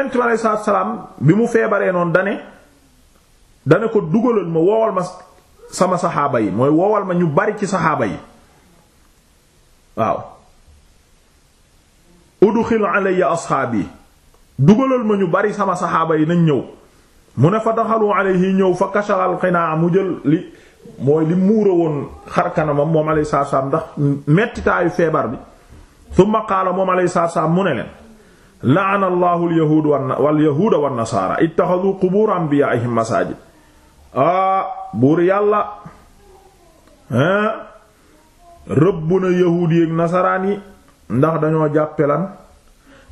yonent bi aleyhi salaam bi mu feebaree noonu dane dane ko dugalal ma woowal ma sama saxaaba yi mooy woowal ma ñu bari ci saxaaba yi waaw udxil alayya asxaabi dugalal ma ñu bari sama saxaaba yi nañ ñëw mu ne fa daxalu alayhi ñëw fa kasharal xinaa mu jël li mooy li muura woon xarkanamam moom alayhi salaam ndax mettitaayu feebar bi summa qaala moom alayhi salaam mu ne leen la'ana allahu alyahuud wal yahuuda wan nasaara ittaxadu qubuur anbiyaa'ihim masaajid ah, buur yàlla hein ah, rëbb na yahuud ak nasaraan yi ndax dañoo jàppe lan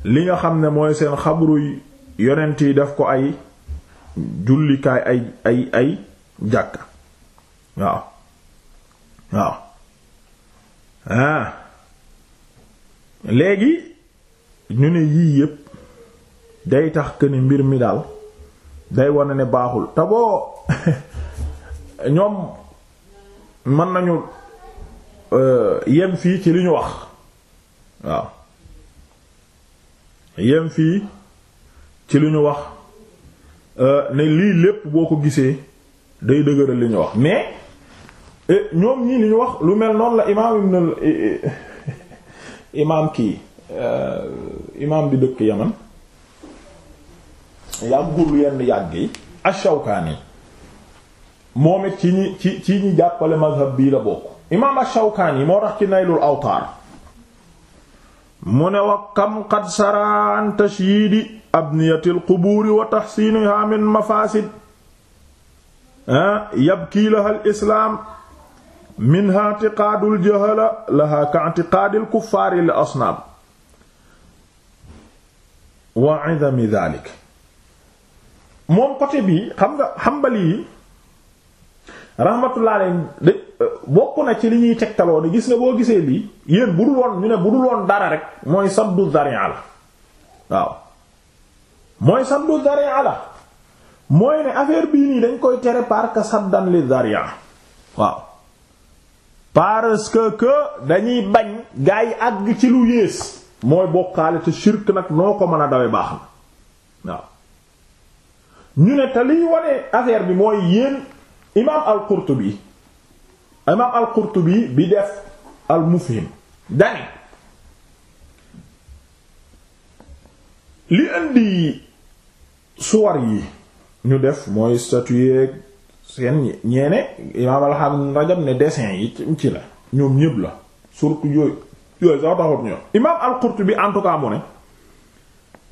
li nga xam ne mooy seen xabru yonent yi def ko ay jullikaay ay ay ay jàkka waaw waaw ah léegi ñu ne yii yépp day tax que mbir mi daal day wane ne baaxul te ñoom mën nañu euh, yem fii ci li ñu wax waaw yem fii ci li ñu wax euh, ne lii lépp boo ko gisee day dëgëral li ñu wax mais euh, ñoom ñii li ñu wax lu mel noonu la imaam ibn imaam kii imaam bi dëkk yaman yàggul moo tax ci Naylul Awtaar mu ne wa kam qad sara an tashyiidi abniyatil qubuuri wa tahsiinihaa min mafaasid ah, yabkii laha al islaam minhaa i'tiqaadul jahala laha ka'tiqaadil kuffaari li asnaam wa idami moom côté bii xam nga xambali yi rahmatullah alayhi euh, bokk na ci li ñuy tegtaloo ne gis nga boo gisee lii yéen bu dul woon ñu ne bu dul woon dara rek mooy saddu zari'a la waaw mooy saddu zari'a la mooy ne affaire bii nii dañ koy tere parce que saddan li zari'a waaw parce que dañuy bañ gaa yi àgg ci lu yées mooy bokkaale te shirk nag noo ko mën a dawe baax na waaw ñu ne te liy wane affaire bi mooy yéen imaam al bi def al-Mufhim dani li ñu def mooy statue seen ñeene Rajab ne dessin yi ci la ñoom ñëpp la surtout yooyu sax taxut ñu imaam al-Qurtubi en tout cas mu ne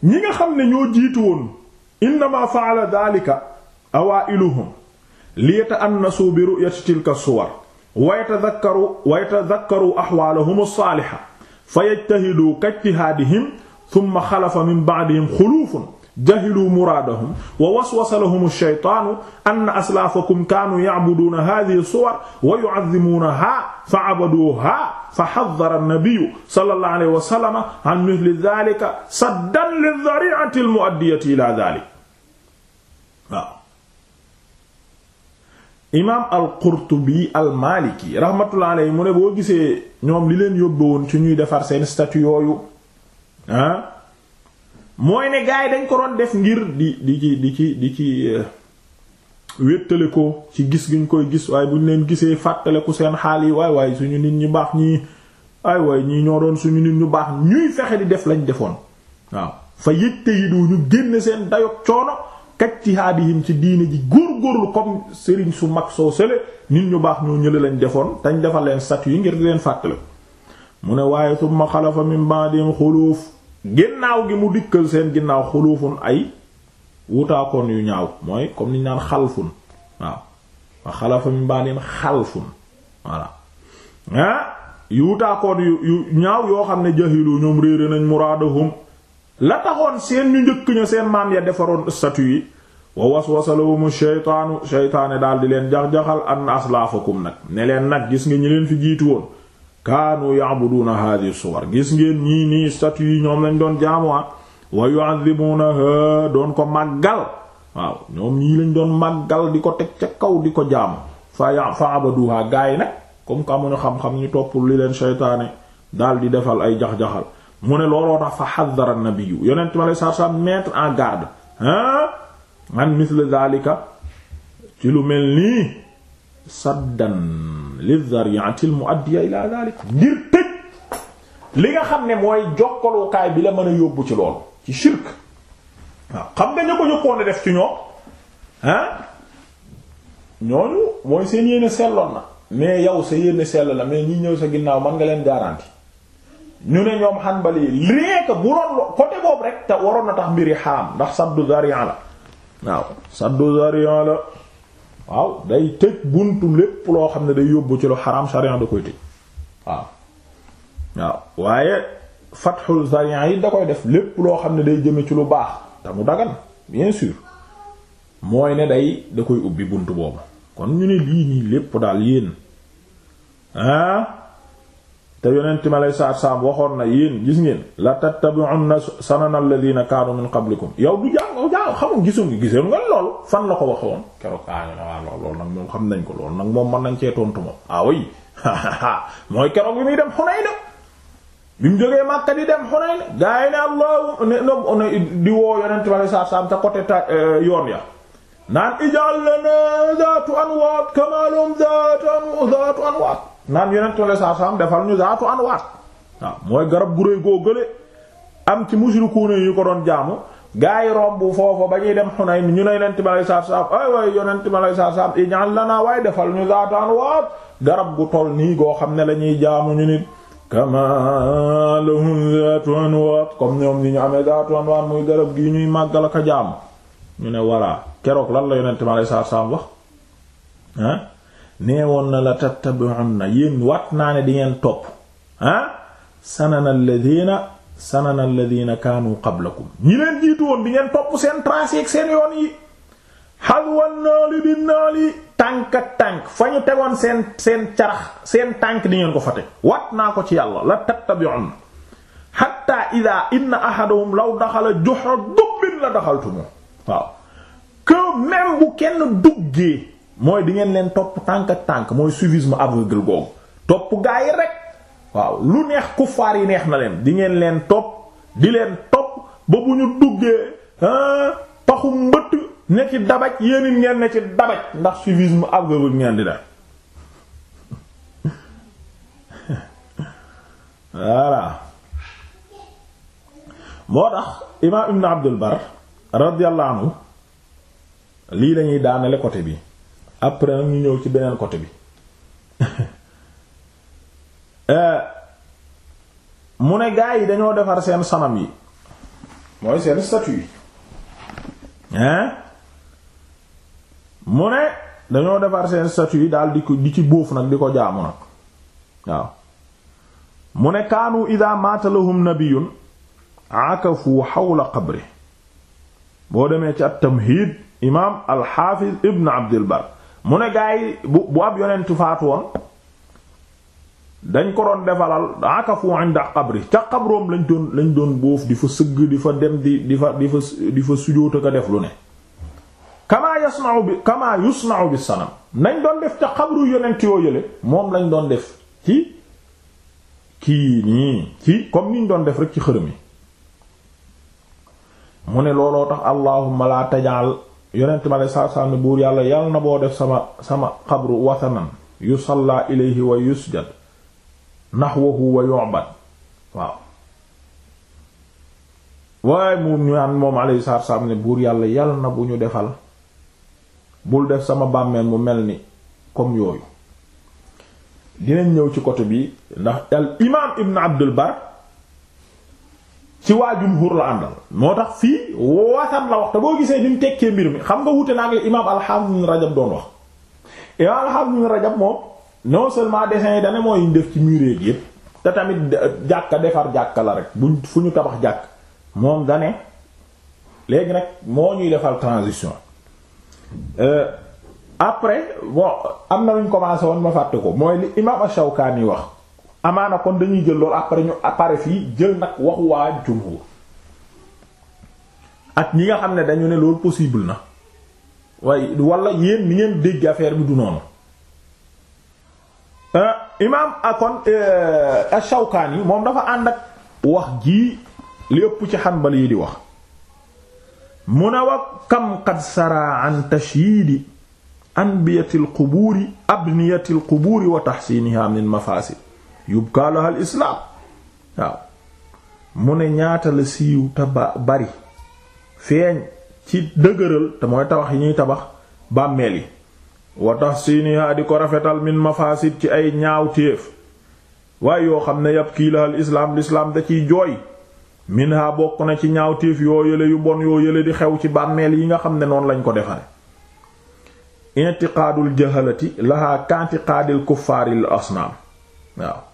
ñi nga xam ne ñoo jiitu woon innama fa'ala dhalika awaa'iluhum liyata'annasu bi ru'yati tilka suwar wa yatadhakkaru wa yatadhakkaru ahwaalahum as-saaliha fayajtahidu kajtihaadihim thumma khalafa min ba'dihim khuluufun jahilu muraadahum wa waswasa lahum ash-shaytaanu anna aslaafakum kaanu ya'buduuna haadhihi suwar wa yu'azzimuunahaa fa'abaduuhaa fahazzara an-nabiyyu sallallahu alayhi wa sallam an mithli dhaalika saddan lidh-dhari'ati al-mu'addiyati ilaa dhaalik waaw imaam al-Qurtubi al-Maaliki rahmatullahi alayhi mu ne boo gisee ñoom li leen yóbbu woon ci ñuy defar seen statut yooyu ah mooy ne gars yi dañ ko doon def ngir di di ci di ci di ci euh, wéttale ko ci gis gi ñu koy gis waaye bu ñu leen gisee fàttale ku seen xaal yi waaye waaye suñu nit ñi baax ñii ay waay ñii ñoo doon suñu nit ñu baax ñuy fexe di def lañ defoon waaw fa yëtte yi du ñu génn seen dayok coono kaj ci haadihim ci diine ji góorgóorlu comme sëriñ su mag soo sële nit ñu baax ñoo ñële lañ defoon tañ defal leen sat yi ngir di leen fàttale mu ne waaye summa xalafa min ba'dihim xuluuf ginnaaw gi mu dikkal seen ginnaaw xulufun ay wutaakoon yu ñaaw mooy comme niñ naan xalfun waaw wa xalafa min ba'din xalfun voilà ah yu wutaakoon yu yu ñaaw yoo xam ne jahilu ñoom réere nañ muraadahum la taxoon seen ñu njëkk ña seen maam ya defaroon statut yi wa waswasa lahum shaytaanu shaytaane daal di leen jax-jaxal an aslaafakum nag ne leen nag gis nga ñi leen fi jiitu woon kaanu ya'buduna hadhihi suwar gis ngeen ñii ni statue yi ñoom lañ doon jaamuwaat ah. wa yu'azzimunaha doon ko màggal waaw ñoom ñii lañ doon màggal di ko teg ca kaw di ko jaamu fa ya fa abaduha gaa yi nag comme que amuñu xam-xam ñu toppul li leen seytaane daal di defal ay jax-jaxal mu ne looloo tax fa xaddara nabiyu yonent ma lay sar sa mettre en garde ah man misle zalika ci lu mel nii saddan mu lizariatil muaddiya ila dalik ngir tëj li nga xam ne mooy jokkalukaay bi la mën a yóbbu ci loolu ci shirk waaw xam nga ña ko jëkkoon def ci ñoom ah ñooñu mooy seen yéene selloon na mais yow sa yéene sell la mais ñi ñëw sa ginnaaw mën nga leen garanti ñu ne ñoom xanbali yi rien bu doon côté boobu rek te waroon na tax mbiri xaram ndax saddu zari'a la waaw saddu zari'a la waaw day tëj buntu lépp loo xam ne day yóbbu ci lu xaraam sharia da koy tëj waaw waaw waaye fatxul sharia yi da koy def lépp loo xam ne day jëme ci lu baax te mu dagan bien sûr mooy ne day da koy ubbi bunt boobu kon ñu ne lii nii lépp daal yéen ah te yonent mi aleyhi salaatu salaam waxoon na yéen gis ngeen la tattabi'unna sanana alladhina kaanu min qablikum yow du jàng jàng xamul gisuñu gisee nga loolu fan la ko waxoon keroog ah waaw loolu nag moom xam nañ ko loolu nag moom man nañ cee tontu moom ah oui mooy keroog bi muy dem Hunayn bi mu jógee Makka di dem Hunayn gaa yi ne allahu di woo yonent mi aleyhi salaatu salaam ca côté euh, yoon ya naan ij'al lana zaatu anwaat kama lahum zaatu anwaat naan yonent la saa saam defal ñu zaatu anwaat waaw mooy garab gu rëy goo gële am ci mushrikuuna yu ko doon jaamu gaa yi romb foofu ba ñuy dem Hunayn ñu ne yonent ma lay saa saam ay waay yonent ma lay saa saam ij'al lanaa waaye defal ñu zaatu anwaat garab gu toll nii goo xam ne lañuy jaamu ñu nit kama lahum zaatu anwaat comme ñoom ni ñu amee zaatu anwaat muy garab gi ñuy màggal ak a jaamu ñu ne voilà keroog lan la yonent ma lay saa saam neewoon na la tattabi'unna yéen wat naa ne di ngeen topp ah sanana alladhina sanana alladhina kaanu qablakum ñi leen jiitu woon di ngeen topp seen trace yi ak seen yoon yi hadwan naali bi naali tànk ak tànk fa ñu tegoon seen seen carax seen tànk di ngeen ko fa teg wat naa ko ci yàlla la tattabi'unna hatta idha inna ahadahum law daxala juhra dubbin la daxaltumu waaw que même bu kenn duggee mooy di ngeen leen topp tànk tànk mooy suivisme aveugle googu topp gaa yi rek waaw lu neex kuffaar yi neex na leen di ngeen leen topp di leen topp ba bu ñu duggee paxu mbëtt ne ci dabaj yéen ngeen ne ci dabaj ndax suivisme aveugle ngeen di def voilà moo tax imaam ibn abdul bar radiyallahu anhu lii lañuy daanale côté bi après nag ñu ñëw ci beneen côté bi euh, mu ne gaa yi dañoo defar seen sanam yi mooy seen statue yi hein mu ne dañoo defar seen statue yi daal di ko di ci buuf nag di ko jaamu nag waaw mu ne kaanu ida maata lahum akafu xawla qabri boo demee ci at tamhid imaam alxaafiz ibn abdilbar mu ne gaa bu bu ab yonent faatu woon dañ ko doon defalal akafu inda qabri ca xabroom lañ doon lañ doon bóof di fa sëgg di fa dem di di fa di fa di ko def lu ne kamaa yasna'u bi kamaa yusna'u bi sanam nañ doon def ca xabru yonent yoo yële moom lañ doon def ci kii nii ci comme niñ doon def rek ci xërëm yi mu ne looloo tax allahumma la tajal yonent bi alei saatu salaam buur yàlla yàlla na boo def sama sama xabru wasanan yusalla ilayhi wa yusjad nahwahu wa yu'bad waaw waaye mu ñaan moom alayhi salaatu salaam ne buur yàlla yàlla na bu ñu defal bul def sama bàmmeel mu mel ni comme yooyu dinañ ñëw ci côté bi ndax al imaam ibn abdul bar ci waa jumhur la àndal moo tax fii wasat la wax te boo gisee ni tekkee mbir mi xam nga wute naa ngi imaam al-Hafiz Ibn Rajab doon wax imaam al-Hafiz Rajab moom non seulement dessin yi dana moo ñu def ci murée gi yépp te tamit jàkka defar jàkka la rek bu fu ñu tabax jàkk moom dane léegi nag moo ñuy defal transition euh, après bon am na luñ commencé woon ma fàtte ko mooy li imaam ash-Shawkani wax amaana kon dañuy jël loolu après ñu appare fii jël nag waxu waa jumhur ak ñi nga xam ne dañu ne loolu possible na waaye walla yéen ni ngeen dégg affaire bi du noonu euh, imaam akon euh, Shawkaani moom dafa ànd ak wax jii li ëpp ci xanbal yi di wax mu ne wa kam qad sara an tashyiidi anbiyatil qubuuri abniyatil qubuuri wa taxsiinihaa min mafaasid yubkaa lahal islaam waaw mu ne ñaata la siiw te bari feeñ ci dëgëral te mooy tabax yi ñuy tabax bàmmeel yi wa tahsiniha di ko rafetal min mafasid ci ay ñaawteef waaye yoo xam ne yab kii lahal islaam lislaam da ciy jooy minha bokk na ci ñaawteef yoo yële yu bon yoo yële di xew ci bàmmeel yi nga xam ne noonu lañ ko defare intiqaadul jahalati laha kantiqaadil kuffaaril asnaam waaw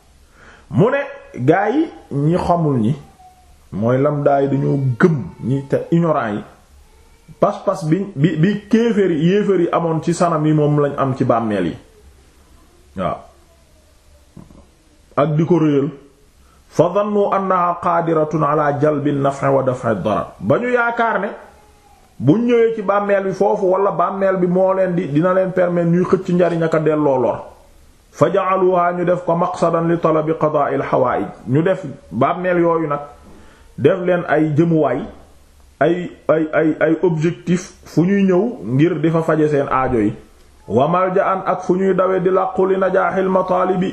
mu ne gaa yi ñi xamul ñi mooy lamdaa yi dañoo gëm ñi te ignorant yi pas bi bi bi yi amoon ci sanam yi moom lañ am ci bàmmeel yi waaw ak di ko réyal fa na annaha qaadiratun ala jalbi an-naf'i wa daf'i ad ba ñu yaakaar ne bu ñëwee ci bàmmeel bi foofu wala bàmmeel bi moo leen di dina leen permettre ñuy xëcc njariñ ak delloo lor fa ja'aluha ñu def ko maqsadan li talabi qadaa'il xawaay ñu def bàmmeel yooyu nag def leen ay jëmuwaay ay ay ay ay objectif fu ñuy ñëw ngir di fa faje seen aajo yi wa malja'an ak fu ñuy dawe di làqu li najaaxil mataalibi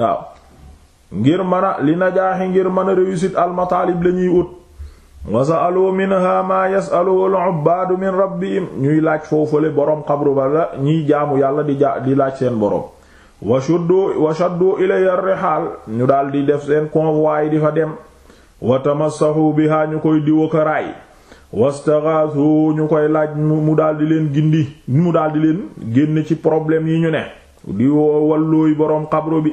waaw ngir mën a li najaaxi ngir mën a réussite al mataalib lañuy ut wa sa'alu minha ma yas'aluhu al-'ubbaadu min rabbihim ñuy laaj foofule boroom xabru ba la ñiy jaamu yàlla di ja di laaj seen boroom washuddu washaddu ilayya rihaal ñu daldi def seen convoi di fa dem wa tamassahu biha ñu koy diwa ko raay ñu koy laaj mu daldi leen gindi mu daldi leen génn ci problème yi ñu ne di woo wallooy xabru bi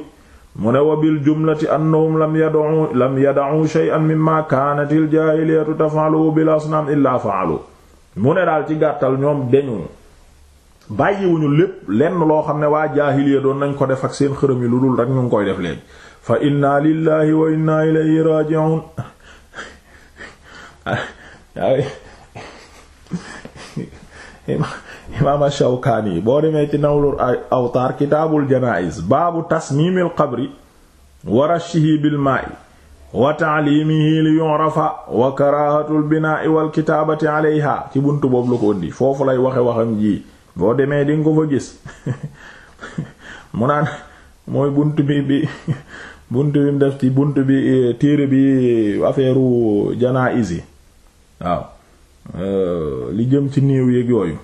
mu ne wa bil jumlati annahum lam yad'u lam yad'u shay'an mimma kaanatil jaahiliyatu taf'alu bil asnam illa fa'alu mu ne daal ci gàttal ñoom deñu bàyyiwuñu lépp lenn loo xam ne waa jaahiliya doon nañ ko def ak seen xërëm yi lu dul rek ñu ngi koy def léegi fa inna lillahi wa inna ilayhi raji'un imaam Shawkaani boo demee ci nawlul awtaar kitaabul janaa'iz baabu tasmiimil qabri wa rashihi bil maa'i wa ta'liimihi li yu'rafa wa karaahatul binaa'i wal kitaabati ci buntu boobu la ko indi foofu lay waxe waxam ji boo demee di nga ko fa gis mu naan mooy bunt bi bi bunt bi mu ci bunt bi eh, téere bi affaireu janaa isi waaw eh, li jëm ci néew yeeg yooyu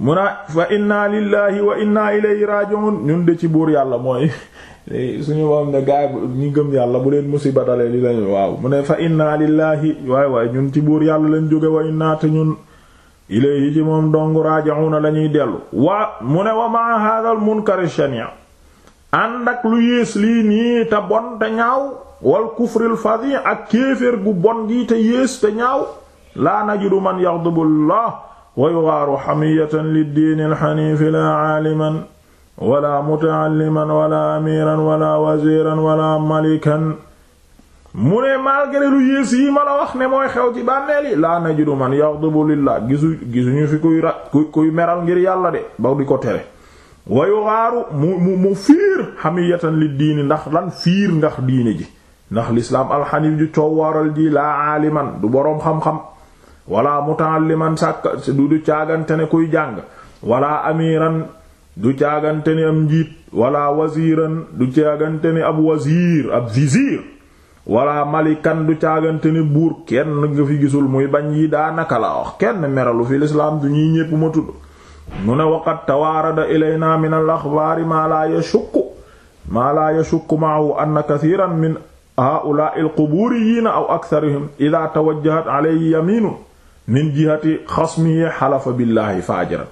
mu naa fa inna lillahi wa inna ilayhi raji'un ñun de ci buur yàlla mooy eh, suñu moom nga gaay ñi gëm yàlla bu leen musiba dalee li lañu waaw mu ne fa inna lillahi waay waay ñun ci buur yàlla lañ jóge wa inna te ñun ilayhi ci moom dong raajaxuna lañuy dellu waa mu ne wa maa haadal munkari shania ànd ak lu yées lii nii te bon te ñaaw wal kufril fadi ak kéeféer gu bon gi te yées te ñaaw laa najidu man yaxdubu llah wa yughaaru xamiyatan liddiini alxaniifi laa aaliman wala mutaalliman wala amiiran wala waziiran wala malikan mu ne malgré lu yi ma la wax ne mooy xew ci bànneel yi laa najidu man yaghdabu lillah gisu ñu fi kuy ra kuy meral ngir yàlla de ba di ko tere wayu xaaru mu mu mu fiir hamiyatan li diini ndax lan fiir ngax diine ji ndax lislaam alxanif ji coowaaral ji laa aaliman du boroom xam-xam wala mutaalliman sàkk du du caagante ne kuy jàng wala amiran du caagante ne am njiit wala waziran du caagante ne ab wazir ab vizir wala malikan du caagante ni buur kenn nga fi gisul muy bañ yi daanaka la wax kenn meralu fi lislaam du ñuy ñépp ma mu ne waqat tawaarada ilayna min al axbaari maa laa yashukku maahu anna kathiran min haa'ulaa'i alqubuuriyiina aw aktharihim idaa tawajjahat alayhi yamiinun min jihati xasmihi xalafa billaahi faajiran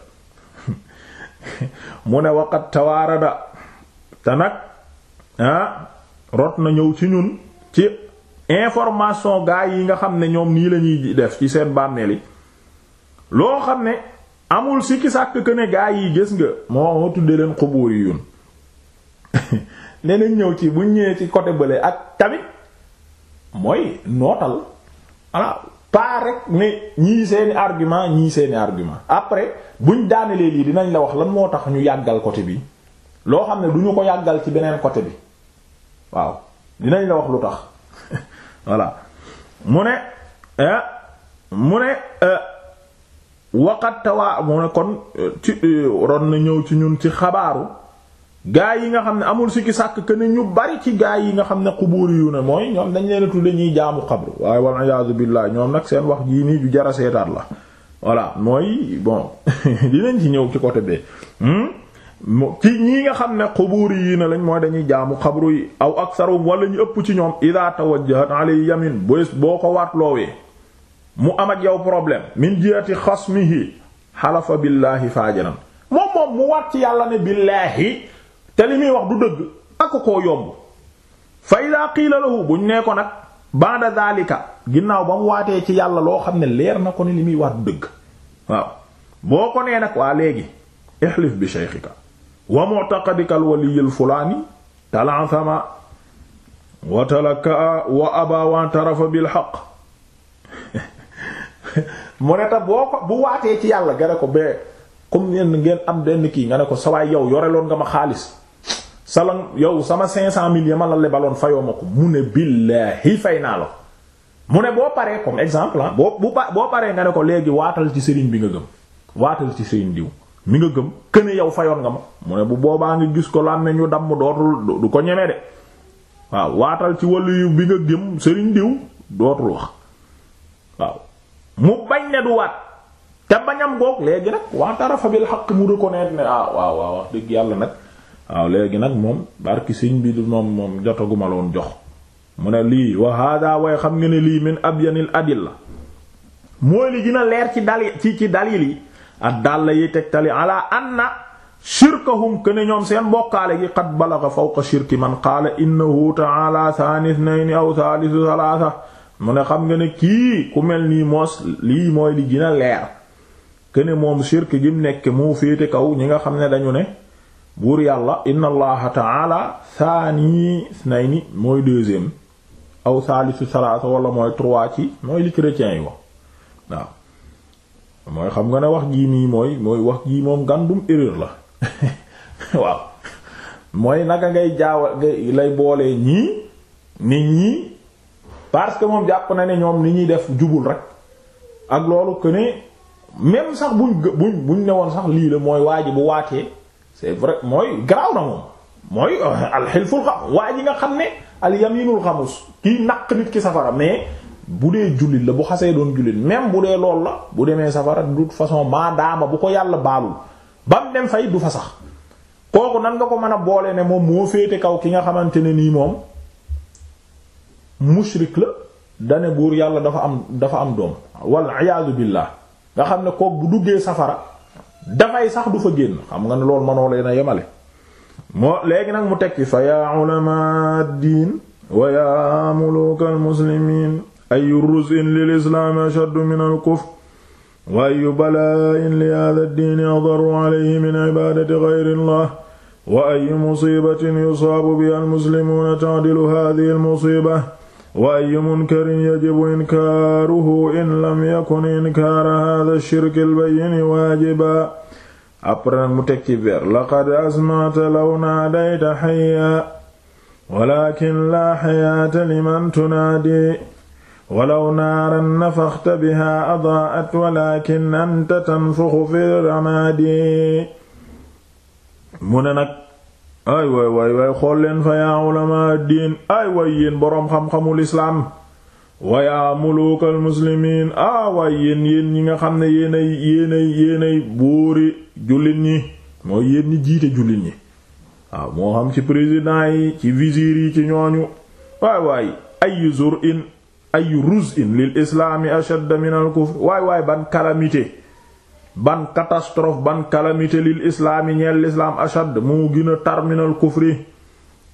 mu ne waqat tawaarada te nag ah, rot na ñëw ci ñun ci information gaa yi nga xam ne ñoom nii lañuy def ci seen bànneel yi loo xam ne amul sikki sàkk que ne gaa yi gis nga moo moo tuddee leen xubuur yi yoon leneen ñëw ci buñ ñëwee ci côté bële ak tamit mooy nootal voilà pas rek ne ñii seeni argument ñii seeni argument après buñ daanelee lii dinañ la wax lan moo tax ñu yàggal côté bi loo xam ne du ñu ko yàggal ci beneen côté bi waaw dinañ la wax lu tax voilà mu ne eh, mu ne eh, waqatta waa mu ne kon eh, ci ron na ñëw ci ñun ci xabaaru gaa yi nga xam ne amul sikki sàkk que ne ñu bari ci gaa yi nga xam ne xubuur yu ne mooy ñoom dañ leen tudde ñuy jaamu xabru waaye wal iyaazu billaah ñoom nag seen wax jii nii ju jara seetaat la voilà mooy bon dinañ ci ñëw ci côté bee hmm? mu ci ñii nga xam ne xuburi yii na lañ mooy dañuy jaamu xabru yi aw aksarum wala ñu ëpp ci ñoom ida tawajjahat alay yamin bés boo ko waat loowee mu am ak yow problème min jihati xasmihi xalafa billaahi faajiran moom moom mu waat ci yàlla ne billaahi te li muy wax du dëgg ak koo yomb fa ida qiila lahu buñ nee ko nag ba'da zalika ginnaaw ba mu waatee ci yàlla loo xam ne leer na ko ne li muy waat du dëgg waaw boo ko nee nag waa léegi ihlif bi wa mu'taqadika al-waliyyi al-fulaani tala'thama wa talakka'a wa abaa tarafa bil haqq mu ne ta boo ko bu waatee ci yàlla gare ko bee comme ngeen ngeen am denn kii nga ne ko sawaay yow yoreloon nga ma xaalis salan yow sama cinq cent mille ya ma la lebaloon fayoo ma ko mu ne billaahi fay naa la mu ne boo paree comme exemple ah boo boo paree nga ne ko léegi waatal ci sëriñ bi nga gëm waatal ci sëriñ diw mi nga gëm këne yow fayoon nga ma mu ne bu boobaa ngi gis ko lan ñu damm dootul du ko ñeme de waaw waatal ci wàllu bi nga gëm sëriñ diw dootul wax waaw mu bañ ne du waat te bañam goog léegi nag waatarafa bil xaq mu reconnaître ne ah, waaw waaw wax dëgg yàlla nag waaw léegi nag moom barki sëñ bi moom moom jotaguma loon jox mu ne lii wa hada way xam nga ne lii min abyanil adilla mooy li dina leer ci dali ci ci yi ak dàll yi tegtali ala anna shirkahum ne ñoom seen bokkaale gi qad balaga fawqa shirki man qaala innahu ta'ala thaani thnayni aw thalithu thalatha mu ne xam nga ne kii ku mel ni moos lii mooy li gën a leer ne moom shirk gi mu nekk moo féete kaw ñi nga xam ne dañu ne buur yàlla inna allaha ta'ala thani thnayni mooy deuxième aw thalithu thalatha wala mooy trois ci mooy li chrétiens yi wax waaw mooy xam nga ne wax jii nii mooy mooy wax gii moom gàndum erreur la waaw mooy naka ngay jaawa lay boolee ñii nit ñii parce que moom jàpp na ne ñoom ni ñuy def jubul rek ak loolu que ne même sax bu buñ buñ ne woon sax lii la mooy waa ji bu waatee c'est vrai mooy garaaw na moom mooy euh, alxilful xam waa ji nga xam ne alyaminul xamus kiy naq nit ki safara mais bu dee jullit la bu xasee doon jullit même bu dee lool la bu demee safara de façon maadaama bu ko yàlla baalul ba mu dem fay du fa sax kooku nan nga ko mën a boole ne moom moo féete kaw ki nga xamante ne nii moom musrik la dane buur yàlla dafa am dafa am doom wal iyaadu billah nga xam ne kook bu duggee safara dafay sax du fa génn xam nga ne loolu manoo leen a yemale moo léegi nag mu tekki fa yaa ulama ad wa yaa mulukal muslimin ayu rusin lil islaami ashaddu min al kufr wa ayu bala'in li hadha ad-diini adaru alayhi min ibaadati ghayri llah wa ayu musiibatin yusaabu biha al-muslimuuna ta'dilu hadhihi al-musiiba wa ayu munkarin yajibu inkaaruhu in lam yakun inkaara hadha ash-shirki al-bayyin waajiba après nag mu teg ci vers laqad asma'ta law naadayta hayya walakin laa hayaata liman tunaadi walaw naaran nafaxta biha adaat walakin anta tanfuxu fi ramadi mu ne nag ay waay waay waay xool leen fa yaa ulama diin ay waay yéen boroom xam-xamul islaam ah, waay yéen yéen ñi nga xam ne yéenay yéenay yéenay buuri jullit ñi mooy yéen ñi jiite jullit ñi ah, moo xam ci président yi ci visir yi ci ñooñu waay waay ay zur in ay ruz'in lil islaami ashadd min al kufr waay waay ban calamité ban catastrophe ban calamité lil islaami ñeel lislaam ashadd moo gën tar min kufri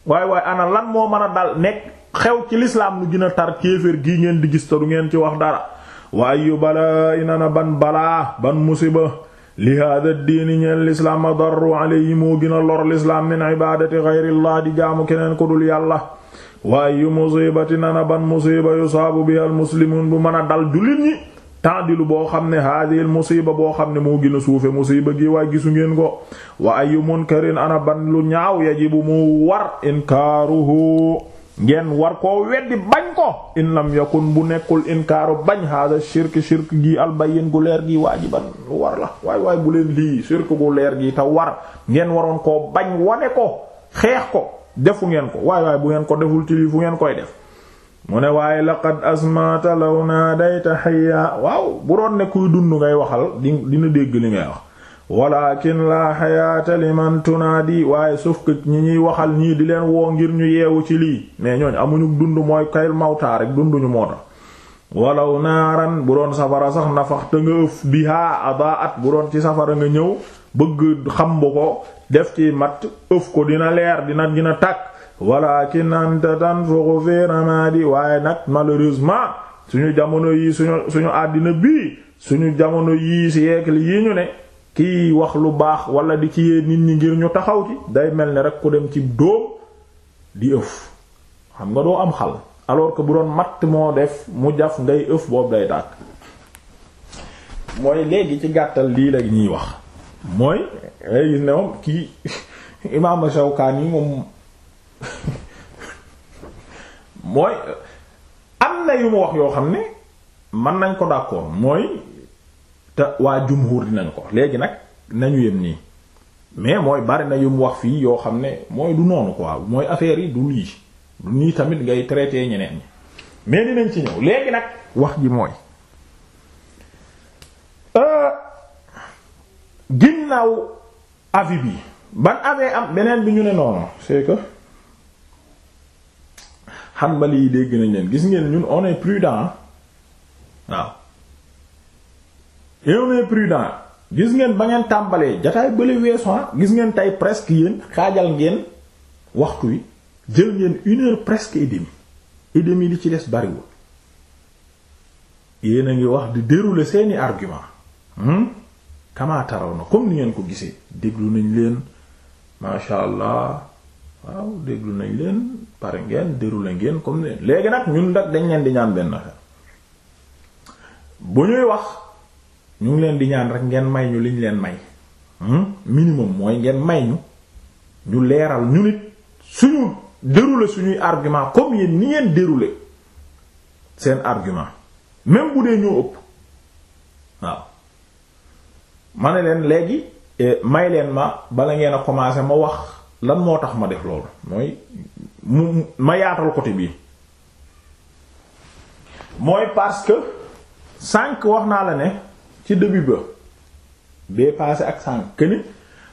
waay waay ana lan moo mën a dal nekk xew ci lislaam lu gën a tar kéeféer gii ngeen di gis du ngeen ci wax dara waay yu balaa ina na ban balaa ban musiba li hada diini ñeen lislaam adarru alayhi moo gën lor lislaam min ibadati ghayrillah di jaamu keneen ko dul yàlla waaye yu musibatin ana ban musiba yusaabu biha almuslimun bu mën a dal jullit ñi tàndilu boo xam ne haadihil musiba boo xam ne moo gën a suufe musiba gi waaye gisu ngeen ko waay ayu munkarin ana ban lu ñaaw ya bu mu war inkaaruhu ngeen war ko weddi bañ ko in lam kon bu nekkul inkaaru bañ haada shirk shirk gi albayin gu leer gi waajiban lu war la waay waay bu leen lii shirk gu leer gi te war ngeen waroon koo bañ wane ko xeex ko defu ngeen ko waay waay bu ngeen ko deful ci lii fu ngeen koy def mu ne waaye laqad asmata law naadayta hayya waaw bu doon ne dund ngay waxal di dina dégg li ngay wax walakin la hayata liman tunaadi waaye sauf que ñi ñuy waxal ñii di leen woo ngir ñu yeewu ci lii mais ñooñ amuñu dund mooy kayil mawtaa rek dunduñu moo tax walaw naaran bu doon safara sax nafax te nga ëf bihaa adaa at bu doon ci safara nga ñëw bëgg xam bu ko def ci matt ëf ko dina leer dina dina tàkk walakin anta tanfukhu fi ramadi waaye nag malheureusement suñu jamono yi suñu àddina bii suñu jamono yii si yeekal yii ñu ne kiy wax lu baax wala di ci nit ñi ngir ñu taxaw day mel ni rek ku dem ci dóom di ëf xam nga doo am xal alors que bu doon matt moo def mu jaf ngay ëf boobu day tàkk mooy léegi ci gàttal lii la ñuy wax mooy ngay gis ne moom kii imaam kaani moom mooy am na yu mu wax yoo xam ne mën nañ ko d'accord mooy te waa jumhur dinañ ko léegi nag nañu yem nii mais mooy bari na yu mu wax fii yoo xam ne mooy du noonu quoi mooy affaire yi du lii du nii tamit ngay traiter ñeneen ñi mais dinañ ci ñëw léegi nag wax gi mooy ginnaaw avi bi ban avis am beneen bi ñu ne noonu c'est que Hanbali yi dégg nañ leen gis ngeen ñun on est prudent waaw et on est prudent gis ngeen ba ngeen tàmbalee jataay bële weesu gis ngeen tey presque yéen xaajal ngeen waxtu wi jël ngeen une heure presque et demie et ci des bariwul yéen a ngi wax di dérouler seeni argument hmm? kamaa taraw na comme ni ngeen ko gisee déglu nañ leen masha allah waaw déglu nañ leen pare ngeen déroulé ngeen comme ni léegi nag ñun nag dañ leen di ñaan benn affaire bu ñuy wax ñu ngi leen di ñaan rek ngeen may ñu li leen may hmm? minimum ngeen may ñu ñu leeral ñu nit suñu déroulé suñuy argument comme yéen ni ngeen déroulé seen argument même bu dee ñoo ëpp ma ne leen léegi e, may leen ma bala ngeen a commencé ma wax lan moo tax ma def loolu mooy mu ma yaatal côté bii mooy parce que sànq wax naa la ne ci début ba bee passé ak sànq que ni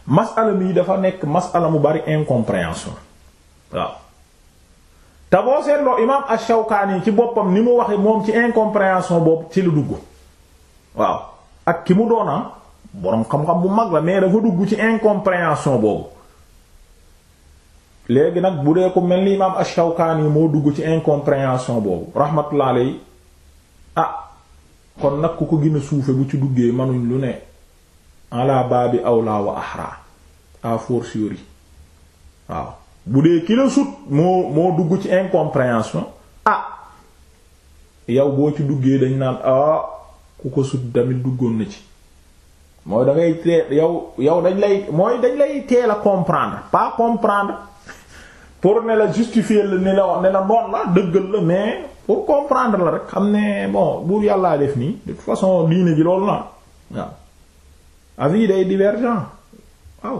masala bii dafa nekk masala mu bari incompréhension waaw te boo seetloo imaam Ash-Shawkani ci boppam ni mu waxe moom ci incompréhension boobu ci lu dugg waaw ak ki mu doon boroom xam-xam bu mag la mais dafa dugg ci incompréhension boobu léegi nag bu dee ko mel ni imaam Ash-Shawkaani moo dugg ci incompréhension boobu rahmatullah alayhi ah kon nag ku ko gën suufe bu ci duggee manuñ lu ne ala baabi awla wa ahra a fortiori waaw bu dee ki la sut moo moo dugg ci incompréhension ah yow boo ci duggee dañ naan ah ku ko sut tamit duggoon na ci mooy da ngay yow yow dañ lay mooy dañ lay teel a comprendre pas comprendre pour ne la justifier la ne la wax ne la noon la dëggal la mais pour comprendre la rek xam ne bon buur yàllaa def nii de façon diine ji loolu la waaw avis day divergent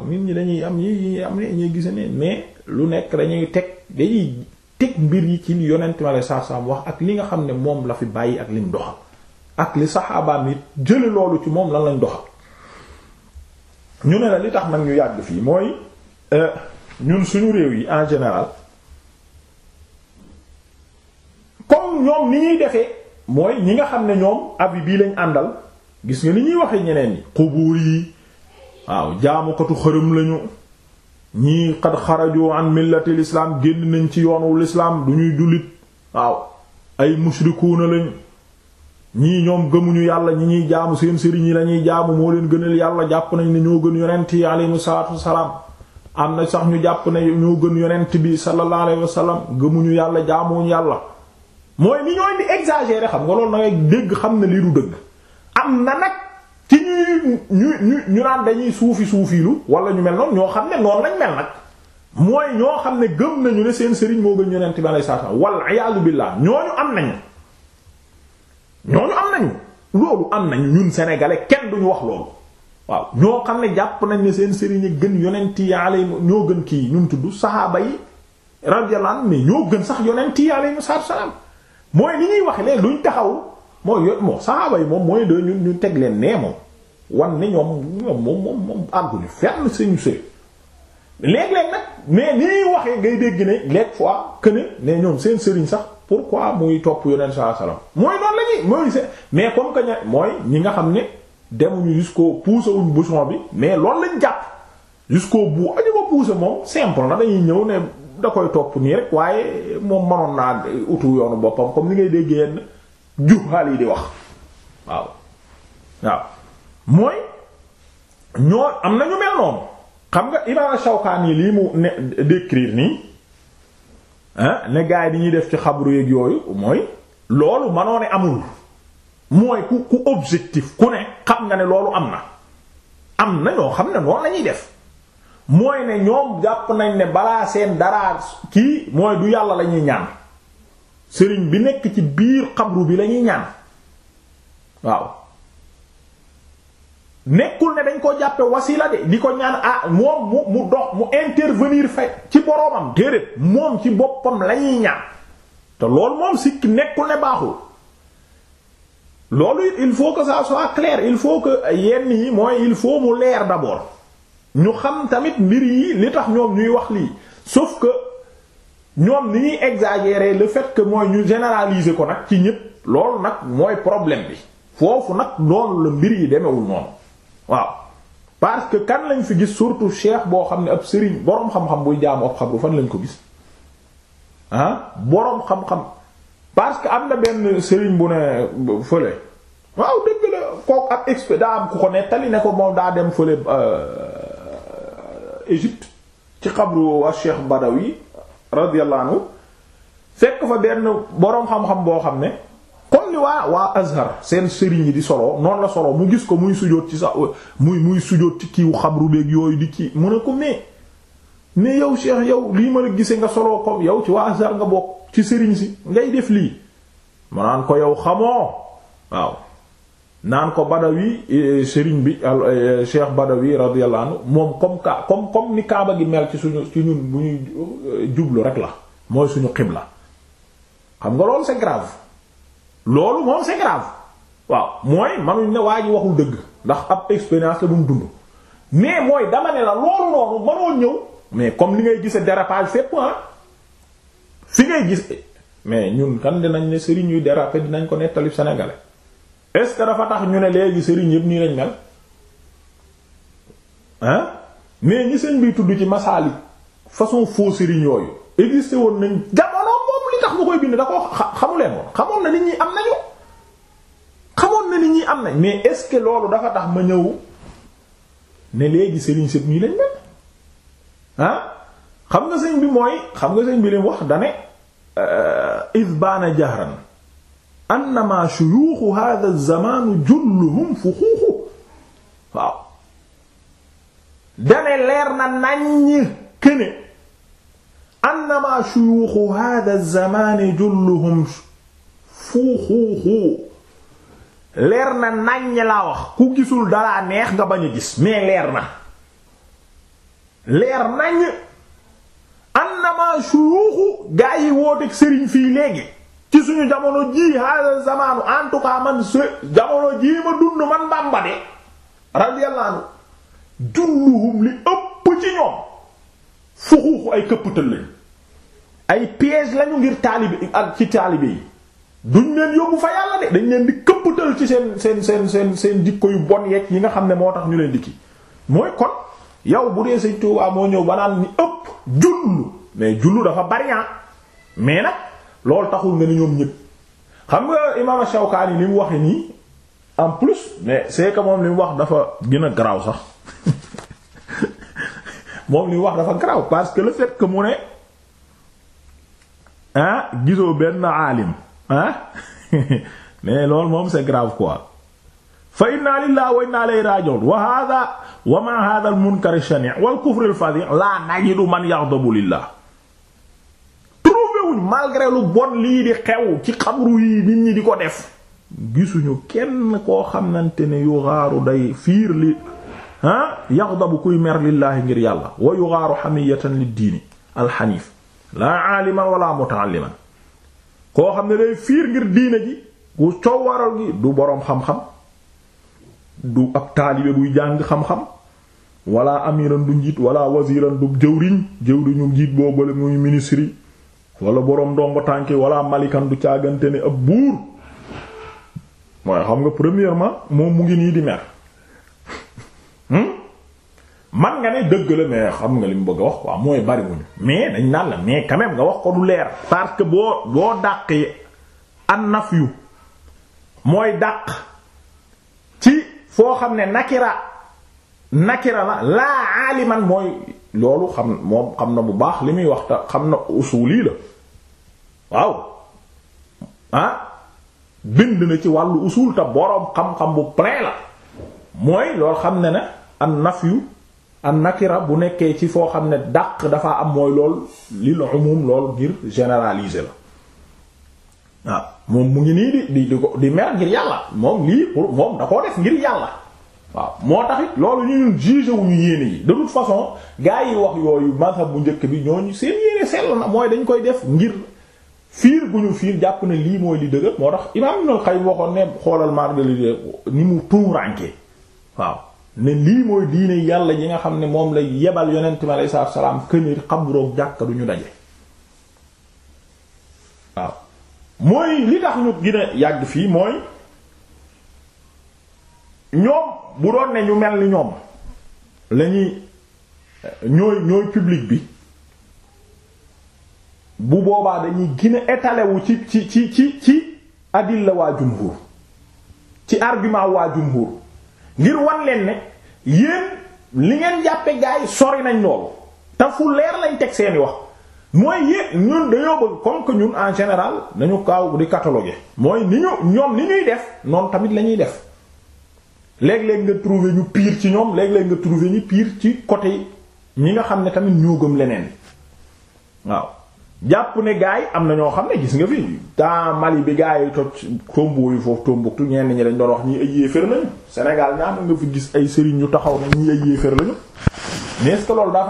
nit ñi dañuy am ñi ñuy gis ne mais lu nekk dañuy teg dañuy teg mbir yi ci li yonent ma la saab wax ak li nga xam ne moom la fi bàyyi ak lim doxal ak li saxaabaam yi jële loolu ci moom la lañ doxal ñu ne la li tax nag ñu yàgg fii mooy euh, ñun suñu réew yi en général comme ñoom ni ñuy defee mooy ñi nga xam ne ñoom abi bii lañ àndal gis nga ni ñuy waxee ñeneen ñi xubuur yi waaw jaamukatu xërëm lañu ñii xad xaraju an millati l'islam génn nañ ci yoonu l'islam du ñuy jullit waaw ay mushrikuuna lañu ñii ñoom gëmuñu yàlla ñi ñuy jaamu seen sëriñ yi lañuy jaamu moo leen gënal yàlla jàpp nañ ne ñoo gën yonent yi aleyhim salaatu wasalaam am na sax ñu jàpp ne ñoo gën yonent bi sallallahu alayhi wasallam gëmuñu yàlla jaamuñu yàlla mooy ni ñooy xam nga loolu na dégg xam ne lii du am na nag ci ñuy ñu ñu ñu naan dañuy suufi suufiilu wala ñu mel noonu ñoo xam ne noonu lañ mel nag mooy ñoo xam ne gëm nañu ne seen sëriñ moo gën yonent bi aleyhis salaatu wasalaam wal iyaadu billah ñooñu am nañu ñooñu am nañu loolu am nañu ñun sénégalais kenn duñu wax loolu waaw ñoo xam ne jàpp nañ ne seen sëriñ yi gën yonent yi alay ñoo gën kii ñun tudd saxaaba yi radiyallahu anhu ñoo gën sax yonent yi aleyhum salaam mooy ni ñuy waxe léegi duñ taxaw moo saxaaba yi moom mooy de ñu teg leen nee moom wan ne ñoom ñoom moom moom moom àgguñu fenn suñu sëriñ léeg-léeg nag mais ni waxee ngay dégg ne léeg fois que ne ne ñoom seen sëriñ sax pourquoi muy topp yonent saa salaam mooy noonu la ñuy mooy mais comme que ña mooy ñi nga xam ne demuñu jusqu'au poussé wuñ bouchon bi mais loolu lañ jàpp jusqu'au bout añu ah ko poussé moom simple na dañuy ñëw ne da koy topp nii rek waaye moom manoon naa utu yoonu boppam comme ni ngay déggee yenn juxaal yi di wax waaw waaw mooy ñoo am na mel noonu xam nga Imaam yi lii mu ne décrire nii. ne gars yi ñuy def ci xabru yeeg yooyu mooy loolu mënoo ne amul mooy ku ku objectif ku ne xam nga ne loolu am na am na ñoo xam ne noonu lañuy def mooy ne ñoom jàpp nañ ne balaa seen dara kii mooy du yàlla la ñuy ñaan sëriñ bi nekk ci biir xabru bi lañuy ñaan waaw nekkul ne dañ ko jàppe wasila de di ko ñaan a ah, moom mu mu dox mu intervenir fay ci boroomam déedéet moom ci boppam lañuy ñaan te loolu moom si nekkul ne baaxul loolu il faut que ça soit clair il faut que yenn yi mooy il faut mu leer d'abord ñu xam tamit mbir yi li tax ñoom ñuy wax lii sauf que ñoom ni ñuy exagérer le fait que mooy ñu généraliser ko nag ci ñépp loolu nag mooy problème bi foofu nag loolu la mbir yi demewul noonu waaw parce que kan lañ fi gis surtout cheikh boo xam ne ab sëriñ boroom xam-xam buy jaamu ab xabru fan lañ ko gis ah boroom xam-xam parce que am na benn sëriñ bu ne fële waaw dëgg la kooku ab expert daa am ku ko nettali ne ko moom daa dem fële euh, Égypte ci xabru wa cheikh Badawi radiyallahu anhu fekk fa benn boroom xam-xam boo xam ne. bi waa waa Azhar seen sëriñ yi di solo noonu la solo mu gis ko muy sujoot ci sa muy muy sujoot ci kiiwu xabru beeg yooyu di kii mu ne ko mais mais yow Cheikh yow lii ma la gisee nga solo ko yow ci waa Azhar nga bokk ci sëriñ si ngay def lii mu naan ko yow xamoo waaw ko Badawi eh, sëriñ bi eh, Cheikh Badawi radiyallahu anhu moom comme ka comme comme ni Kaaba gi mel ci suñu ci ñun bu ñuy eh, jublu rek la mooy suñu xibla xam nga loolu c'est grave. loolu moom c'est waaw mooy manuñ ne waa ji waxul dëgg ndax ab expérience la bu mu dund mais mooy dama ne la loolu noonu mënoo ñëw mais comme li ngay gise dérapage fépp ah fi ngay gis mais ñun kan dinañ ne sëriñ yuy déraper dinañ ko nettali sénégalais est-ce que dafa tax ñu ne léegi sëriñ yëpp nii lañ mel ah mais ñi sëñ bi tudd ci masaali façon faux sëriñ yooyu existé woon nañ nga koy bind da koo xamu leen woon xamoon na nit ñuy am nañu xamoon na am nañ mais est ce que loolu dafa tax ma ñëw ne léegi sëriñ sëb nii lañ mel ah xam nga sëñ bi mooy xam nga sëñ bi lim wax dane euh, isbaana jahran annama shuyuukhu hadha az-zaman julluhum fuxuuxu waaw dane leer na nañ këne annama shuyuxu hada zamani julluhum fuuxuuxuu leer na nàññ laa wax ku gisul dalaa neex nga bañu gis mais leer na leer naññ annama shuyuxu gaa yi wooteeg sëriñ fii léegi ci suñu jamono ji hada zamanu en tout cas man se jamono ji ma dund man Bamba de radiyallahu julluhum li ëpp ci ñoom fuxuuxu ay këpputal lañ ay piège lañu ngir taalibe ak ci taalibe yi duñ leen yóbbu fa yàlla de dañ leen di këpputal ci seen seen seen seen seen jikko yu bon yeeg yi nga xam ne moo tax ñu leen di mooy kon yow bu dee sëñ Tuubaa moo ñëw banaan ni ëpp jullu mais jullu dafa bari ah. mais nag loolu taxul nga ni ñoom ñëpp xam nga imaam Shawkaani li mu waxe nii en plus mais c'est que moom li wax dafa gën a garaaw sax moom li wax dafa graw parce que la fait mu ne gisoo benn aalim mais loolu moom c'est grave quoi fa inna lillahi wa inna ilayhi raji'un wa hadha wa ma hadha al munkar ash-shani' wal kufr al man yaghdabu lillah trouvé wuñ lu bon lii di xew ci xabru yi nit ñi di ko def gisuñu kenn koo xamante ne yu xaaru day fiir li ah yaxdabu kuy mer lillaahi ngir yàlla wa yughaaru hamiyatan lid diini alxaniif laa aaliman wala mutaalliman koo xam ne day fiir ngir diine ji ku coow waral gi du boroom xam-xam du ab taalibe buy jàng xam-xam wala amiran du njiit wala wasiran du jëwriñ jëwriñu njiit boobale muy ministre yi wala boroom ndongo tànki wala malikan du caagante ne ab buur mooy xam nga premièrement moom mu ngi nii di mer man nga ne dëgg la mais xam nga li mu bëgg a wax quoi mooy bari mais dañ naan la mais quand nga wax ko du leer parce que boo dàq dàqee an naf yu mooy dàq ci foo xam ne nakira nakira la laa aliman mooy loolu xam moom xam na bu baax li muy wax ta xam na usuli la waaw ah bind na ci wàllu usul te boroom xam-xam bu plein la mooy loolu xam ne na an naf yu an nakira bu nekkee ci foo xam ne dàq dafa am mooy lool lil umum lool ngir généraliser la waaw moom mu ngi nii di di di ko di mer ngir yàlla moom lii pour moom da koo def ngir yàlla waaw moo taxit loolu ñun juge wuñu de toute façon gars yi bu njëkk bi ñooñu seen yéene sell na mooy dañ koy def ngir fiir bu ñu fiir jàpp na lii mooy li dëgër moo tax imam Ibn al-Qayyim waxoon ne xoolal margli ni mu tuuranke waaw ne lii mooy diine yàlla ji nga xam ne moom la yebal yonent mi aleyhi salaatu wa salaam këni xabroog jàkka du ñu daje waaw mooy li tax ñu gën yàgg fii mooy ñoom bu doon ne ñu mel ni ñoom lañuy ñooy ñooy public bi bu boobaa dañuy gën a ci ci ci ci ci adilla waa jumhur ci argument waa jumhur ngir wan leen ne yéen li ngeen jàppe gaa yi sori nañ loolu te fu leer lañ teg seeni wax mooy yéen ñun dañoo bëgg comme que ñun en général dañu kaaw di cataloguer mooy ni ñu ñoom ni ñuy def noonu tamit la ñuy def léeg-léeg nga trouver ñu pire ci ñoom léeg-léeg nga trouver ñu piir ci côté ñi nga xam ne tamit ñoo gëm leneen waaw jàpp ne gaa yi am na ñoo xam ne gis nga fi dans Mali bi gaa yi toj tombo yu foofu Tombouctou ñenn ñi dañ doon wax ñii ay yéeféer lañu Sénégal ñaata nga fi gis ay sëriñ ñu taxaw ne ñii ay yéeféer lañu mais est-ce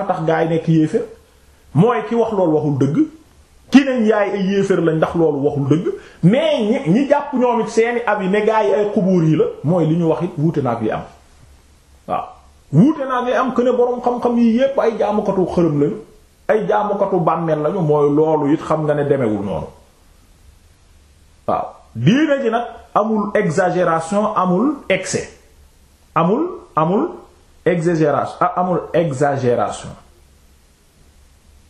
tax gars yi nekk yéeféer mooy wax loolu waxul dëgg ki nañ yaay ay yéeféer ndax loolu waxul dëgg mais ñi ñi jàpp ñoom seeni ab yi ne gars yi ay xubuur yi la mooy li ñu wax it wuute na ak li am waaw wuute na ak am que ne boroom xam-xam yi yépp ay jaamukatu xërëm lañu ay jaamukatu bàmmeel lañu mooy loolu it xam nga ne demewul noonu waaw diine ji nag amul exagération amul excès amul amul exagération ah, amul exagération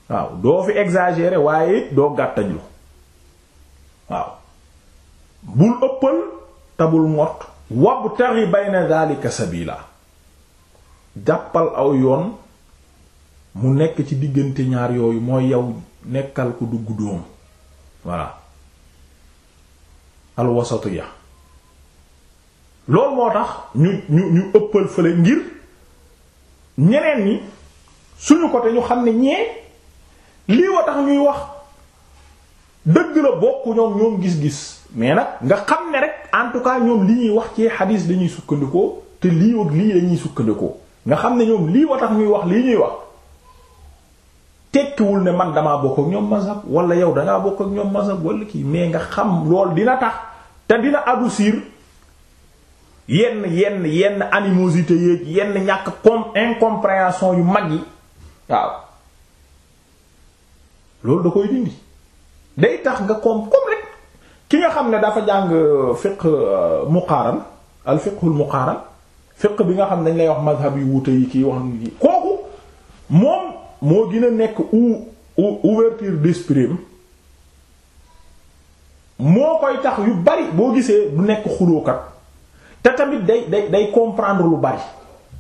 waaw doo fi exagérer waaye doo gàttañlu waaw bul ëppal tabul ngott wabtaghi bayna dhalika sabila jàppal aw yoon mu nekk ci diggante ñaar yooyu mooy yow nekkal ko dugg dóom voilà alwasatu ya loolu moo tax ñu ñu ñu ëppal fële ngir ñeneen ñi suñu côté ñu xam ne ñee lii tax ñuy wax dëgg la bokk ñoom ñoom gis-gis mais nag nga xam ne rek en tout cas ñoom li ñuy wax ci xadiis lañuy sukkandikoo te lii ak lii lañuy sukkandikoo nga xam ne ñoom lii wa tax ñuy wax lii ñuy wax tekkiwul ne man damaa bokk ak ñoom mazhab wala yow dangaa bokk ak ñoom mazhab wala kii mais nga xam lool dina tax te dina adoucir yenn yenn yenn animosité yeeg yenn ñàkk comme incompréhension yu mag yi waaw loolu da koy dindi day tax nga comme comme rek ki nga xam ne dafa jàng fiqh muqaaran al fiqhul muqaaran fiqh bi nga xam ne dañ lay wax mazhab yu wuute yi kii wax kooku moom. moo gina a nekk ou ouverture d'esprit moo koy tax yu bari boo gisee du nekk xulóokat te tamit day day day comprendre lu bari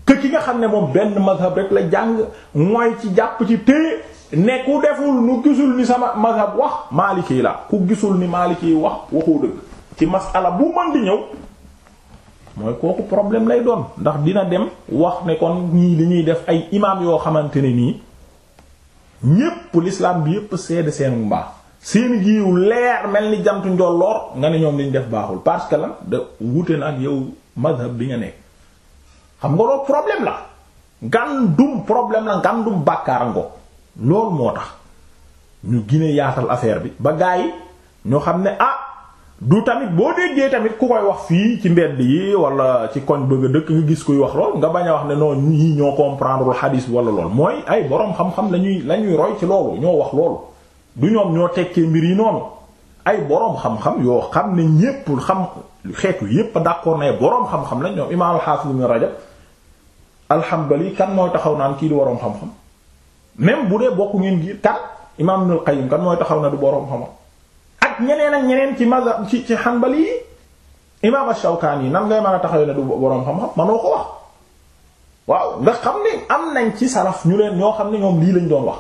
que ki nga xam ne moom benn mazhab rek la jàng mooy ci jàpp ci téye ne ku deful nu gisul ni sama mazhab wax Maliki la ku gisul ni Maliki wax waxoo dëgg ci masala bu mën di ñëw mooy kooku problème lay doon ndax dina dem wax ne kon ñii li ñuy def ay imam yoo xamante ne nii ñépp l'islam bi yépp seede seen mbaax seen jiw leer mel ni jantu njolloor nga ne ñoom liñ def baaxul parce que la da wute na yow madhab bi nga nekk xam nga loolu problème la ngàndum problème la ngàndum bàkkaar ngo loolu moo tax ñu gine yaatal affaire bi ba gaa yi ñoo xam ne ah du tamit boo déggee tamit ku koy wax fii ci mbedd yi wala ci koñ bëgg dëkk nga gis kuy wax lool nga bañ a wax ne non ñi ñoo comprendre xadis wala lool mooy ay boroom xam-xam lañuy lañuy roy ci loolu ñoo wax loolu du ñoom ñoo tekkee mbir yi noonu ay boroom xam-xam yoo xam ne ñépp xam xeetu yépp d'accord ne boroom xam-xam lañ ñoom imaam al-Hafiz ibn Rajab al-Hanbali kan mooy taxaw naan kii di boroom xam-xam même bu dee bokku ngeen gi kan imaam Ibn al-Qayyim na du boroom xam ak ñeneen ak ñeneen ci mazhab ci ci hanbali yi imaam Shawkaani yi nan ngay mën a taxawee ne du boroom xam-xam manoo ko wax waaw nga xam ne am nañ ci salaf ñu leen ñoo xam ne ñoom lii lañ doon wax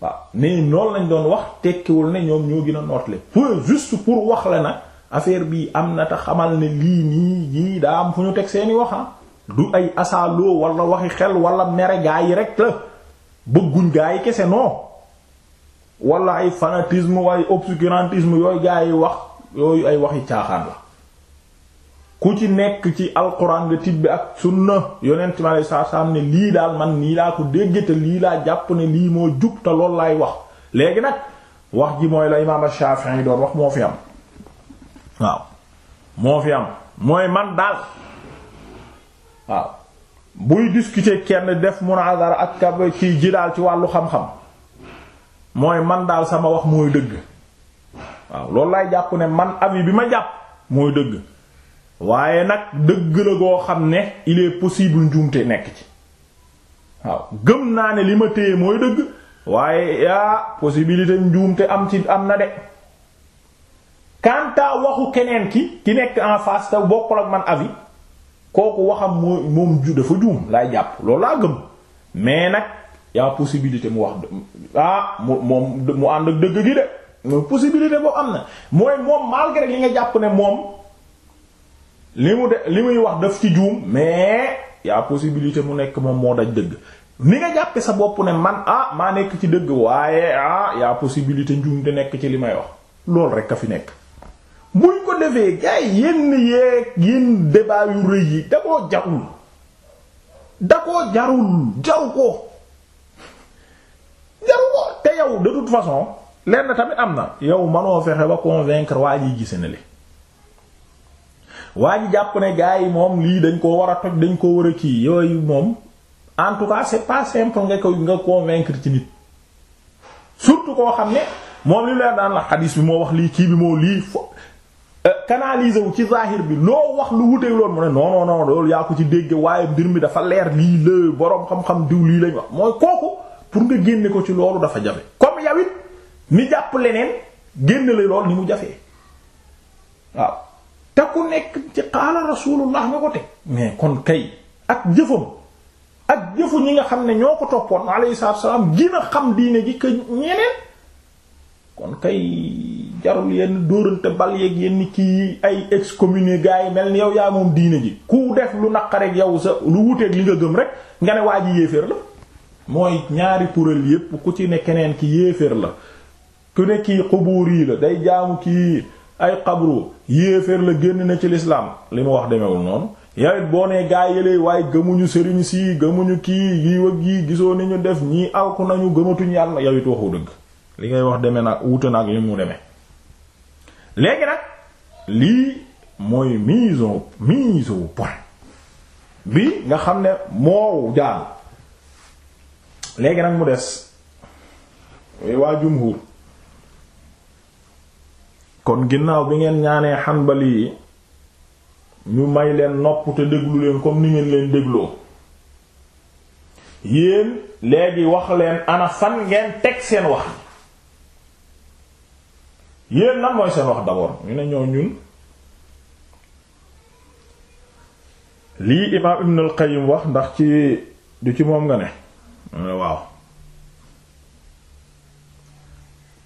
waaw ne noonu lañ doon wax tekkiwul ne ñoom ñoo gën a nootle pour juste pour wax la nag affaire bii am na ta xamal ne lii nii yii daa am fu ñu teg seeni wax ah. du ay asaaloo wala waxi xel walla mere gaa yi rek la bëgguñ gaa yi kese noo wala ay fanatisme waaye obscurantisme yooy gaa yi wax yooyu ay waxi caaxaan la ku ci nekk ci alquran nga tibbi ak sunna yonent mi alei saatu salaam ne lii daal man nii laa ko dégg lii laa jàpp ne lii moo jub te loolu laay wax léegi nag wax ji mooy la imaam Shafi'i doon wax moo fi am waaw moo fi am mooy man daal waaw buy discuter kenn def munazara ak kab ci ji daal ci wàllu xam-xam mooy man daal sama wax mooy dëgg waaw loolu laay jàpp ne man avis bi ma jàpp mooy dëgg waaye nag dëgg la goo xam ne il est possible njuumte nekk ci waaw gëm naa ne li ma téye mooy dëgg waaye yaa possibilité njuumte am ci am na de quant waxu keneen ki ki nekk en face te bokkul ak man avis kooku waxam mooy moom dafa juum laay jàpp loolu laa gëm mais nag yaa possibilité mu wax ah mu moom mu ànd ak dëgg gi de mo possibilité boo am na mooy moom malgré li nga jàpp ne moom li mu de li muy wax daf ci juum mais yaa possibilité mu nekk moom moo daj dëgg ni nga jàppe sa bopp ne man ah maa nekk ci dëgg waaye ah yaa possibilité njuum te nekk ci li may wax loolu rek a fi nekk buñ ko defee gars yi yenn yeeg yenn yu rëy yi da koo jarul da jarul jaru ko jaru ko te yow de toute façon lenn tamit am na yow manoo fexe ba convaincre waa ji gise ne li waa ji jàpp ne gars yi moom lii dañ koo war a toj dañ koo war a kii yooyu moom en tout cas c'est pas simple nga ko nga convaincre ci nit surtout koo xam ne moom li leen daan la xadis bi moo wax lii kii bi moo lii fo euh, canaliser wu ci zahir bi loo wax lu wutee loolu mu ne non non loolu yaa ko ci dégg waaye mbir mi dafa leer lii la boroom xam-xam diw lii lañ wax kooku pour nga génne ko ci loolu dafa jafe comme yow it jàpp leneen génne la lool ni mu jafee waaw te ku nekk ci xaala rasulullah nga ko teg mais kon kay ak jëfam ak jëfu ñi nga xam ne ñoo ko toppoon alayhi salaatu wassalaam gën a xam diine gi que ñeneen kon kay jarul yenn dóorante bal yeeg yenn kii ay excommunié gars yi mel ni yow yaa moom diine ji ku def lu naqareeg yow sa lu wuteeg li nga gëm rek nga ne waa ji yéeféer la mooy ñaari kuréel yépp ku ci ne keneen ki yéeféer la ku ne kii xubuur yi la day jaamu kii ay xabru yéeféer la génn na ci lislaam li mu wax demewul noonu yawit boo nee gaa waaye gëmuñu sëriñ si gëmuñu kii yiw ak gisoo ni ñu def ñii alku nañu gëmatuñ yàlla yawit waxu dëgg li ngay wax demee na wuute nag li mu demee léegi nag lii mooy mise au mise au nga xam ne moo jaan léegi nag mu des waa jumhur kon ginnaaw bi ngeen ñaanee xanbali yi ñu may leen nopp te déglu leen comme ni ngeen leen dégloo yéen léegi wax leen ana ngeen teg seen wax yéen lan mooy seen wax d'abord ñu ne ñoo ñun lii imaam Ibn al wax ndax ci du ci moom nga ne waaw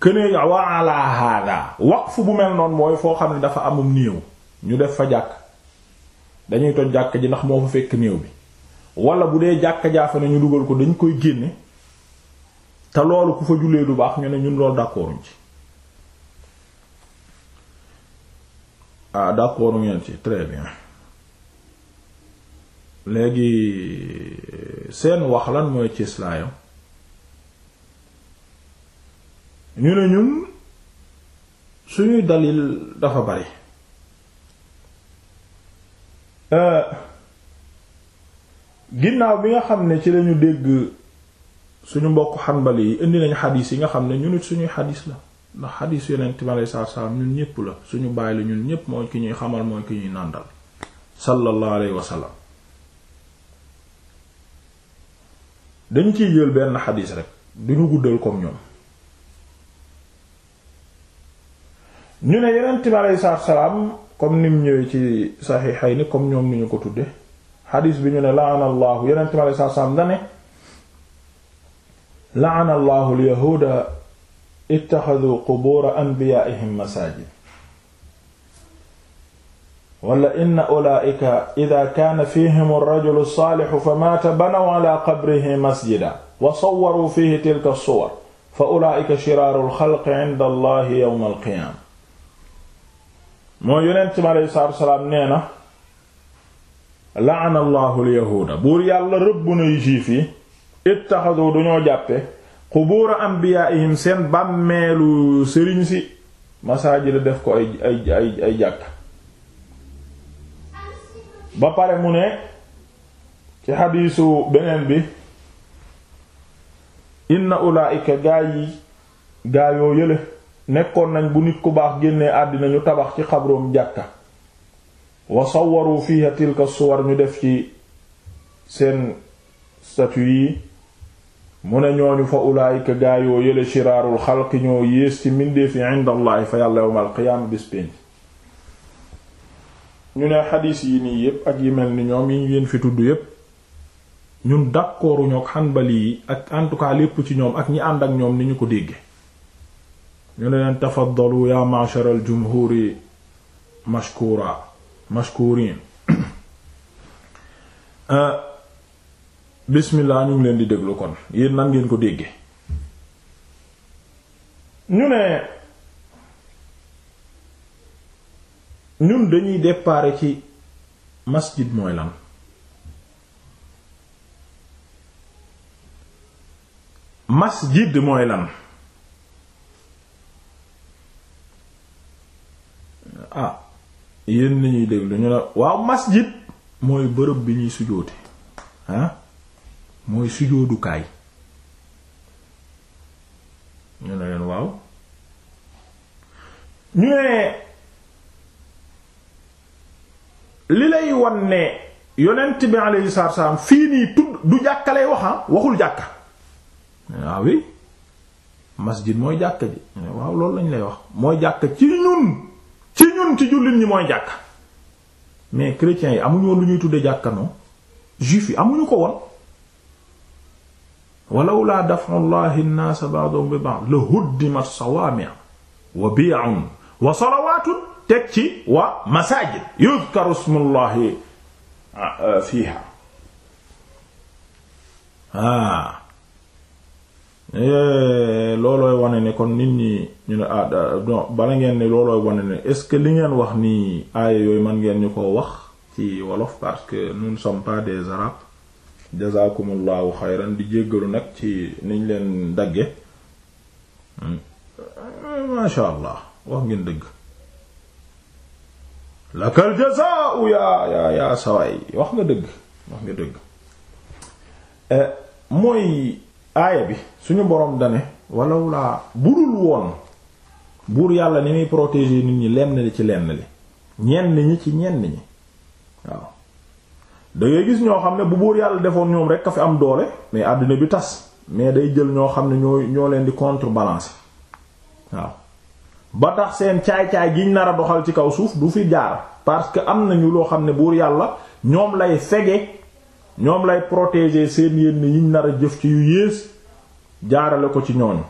kënee waa ala hada waqf bu mel noonu mooy foo xam ne dafa amum néew ñu def fa jàkk dañuy toj jàkk ji ndax moo fa fekk néew bi wala bu dee jàkk jaafe na ñu dugal ko dañ koy génne te loolu ku fa jullee du baax ñu ne ñun loolu d'accorduñ ci ah d'accordu ngeen ci très bien léegi seen wax lan mooy cëslaayam ñu ne ñun suñuy dalil dafa bari euh, ginnaaw bi nga xam ne ci lañu dégg suñu mbokk xanbali yi indi nañu xadiis yi nga xam ne ñun it suñuy xadiis la ndax xadiis yonent bi aleyhi salaatu salaam ñun ñépp la suñu bàyyi la ñun ñépp mooy ki ñuy xamal mooy ki ñuy nàndal sallallahu alayhi wa sallam dañ ciy jël benn xadis rek duñu guddal comme ñoom ñu ne yeneen bi aleyhi salaatu salaam comme nim ñëwee ci saxiixayni comme ñoom ni ñu ko tudde xadis bi ñu ne laana allahu yeneen bi aleyhi salaatu salaam dane alyahuuda ittaxadu qubuura anbiyaa'ihim masaajid wala inna ulaa'ika idaa kaana fiihim ar-rajulu as-saalihu fa maata banaw alaa qabrihi masjidan wa sawwaruu fiihi tilka as-suwar fa ulaa'ika shiraaru al-xalqi inda Allahi yawma al-qiyaama moo yonent mi aleyhi salaatu wa salaam nee na la'ana Allahu al-yahuuda buur yàlla rëbb na juif yi ittaxadu duñoo jàppe qubuura anbiyaa'ihim seen bàmmeelu sëriñ si masaajid def ko ay ay ay jàkk ba pare mu ne ci xadiisu beneen bi inna ulaayika gaa yi gaa yoo yële nekkoon nañ bu nit ku baax génnee àddina ñu tabax ci xabroom jàkka wa sawwaru fiha tilka suwar ñu def ci seen statue yi mu ne ñooñu fa ulaayika gaa yoo yële shiraarul xalqi ñoo yées ci mbindeef yi indallahi fa yàlla yawmal qiyaam bis pénc ñu ne xadiis yi nii yépp ak yi mel ni ñoom yi ñu leen fi tudd yépp ñun d'accordu xanbali yi ak en tout cas lépp ci ñoom ak ñi ànd ak ñoom ni ñu ko dégge ñu ne leen tafaddalu ya ma'sharal jumhuri mashkura mashkurin euh, bismillah ñu ngi leen di déglu kon yéen nan ngeen ko dégge ñu ne ñun dañuy déparé ci masjid mooy lan masjid mooy lan ah yéen ni déglu waaw masjid mooy bërëb bi ñuy sujoote ah mooy sujoodukaay ñu ne leen waaw ñu ne li lay wan ne yonent bi alayhi salaatu wassalaam fii nii tudd du jàkka lay wax ah, waxul jàkka waaw ah wi masjid mooy jàkka ji waaw loolu lañ lay wax mooy jàkka ci ñun ci ñun ci jullit ñi mooy jàkka mais chrétiens yi amuñu woon lu ñuy tudd jàkka non juif yi amuñu ko woon walaw laa daf'u llahi nnaasa ba'dahum bi ba'd la huddimat sawaami' wa bi'un wa salawaatun teg ci wa masajid yuzkaru ismullahi fiha ah, euh, ah. Eh, loolooy wane ni kon nit ñi ñu ne ah bala ngeen ni loolooy wane ne est-ce que li ngeen wax nii aaya yooyu man ngeen ñu ko wax ci wolof parce que nous ne sommes pas des arabes jazakumullahu xayran di jéggalu nag ci niñ leen dagge hmm. eh, masha allah wax ngeen dëgg lakal jazaa'u yaa yaa yaa sawaay wax nga dëgg wax nga dëgg eh, mooy aaya bi suñu boroom dane walaw laa budul woon buur yàlla ni muy protéger nit ñi lenn li ci lenn li ñenn ñi ci ñenn ñi waaw da gis ñoo xam ne bu buur yàlla defoon ñoom rekk a fi am doole mais àddina bi tas mais day jël ñoo xam ne ñoo ñoo leen di contre contrebalancer waaw ba tax seen caay-caay giñ nar a doxal ci kaw suuf du fi jaar parce que am nañu loo xam ne buur yàlla ñoom lay fege ñoom lay protéger seen yenn yiñ nar a jëf ci yu yées jaarale ko ci ñooñu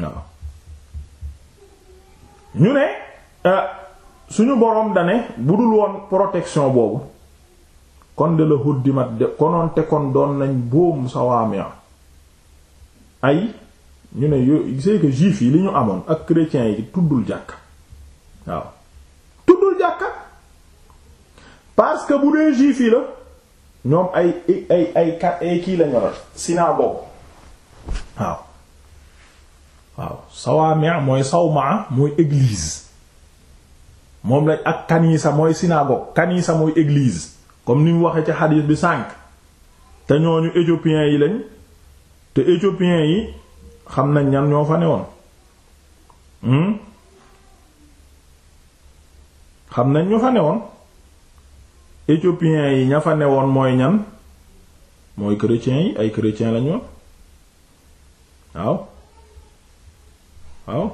waaw ñu ne euh, suñu boroom dane bu dul woon protection boobu kon de la huddimat de konoon te kon doon nañ boom sawaami ay ñu ne yo c'est que juif yi li ñu amoon ak chrétiens yi tuddul jàkka waaw tuddul jàkka parce que bu dee juif yi la ñoom ay ay ay ay kii lañu la synagogue waaw waaw sawaami' mooy sawmaa mooy église moom lañ ak kanisa mooy synagogue kanisa mooy église comme ni mu waxee ci xadiis bi sànq te ñooñu éthiopiens yi lañ te éthiopiens yi xam nañ ñan ñoo fa newoon hmm? xam nañ ñu fa newoon éthiopiens yi ña fa woon mooy ñan mooy chrétiens yi ay chrétiens lañu woon waaw waaw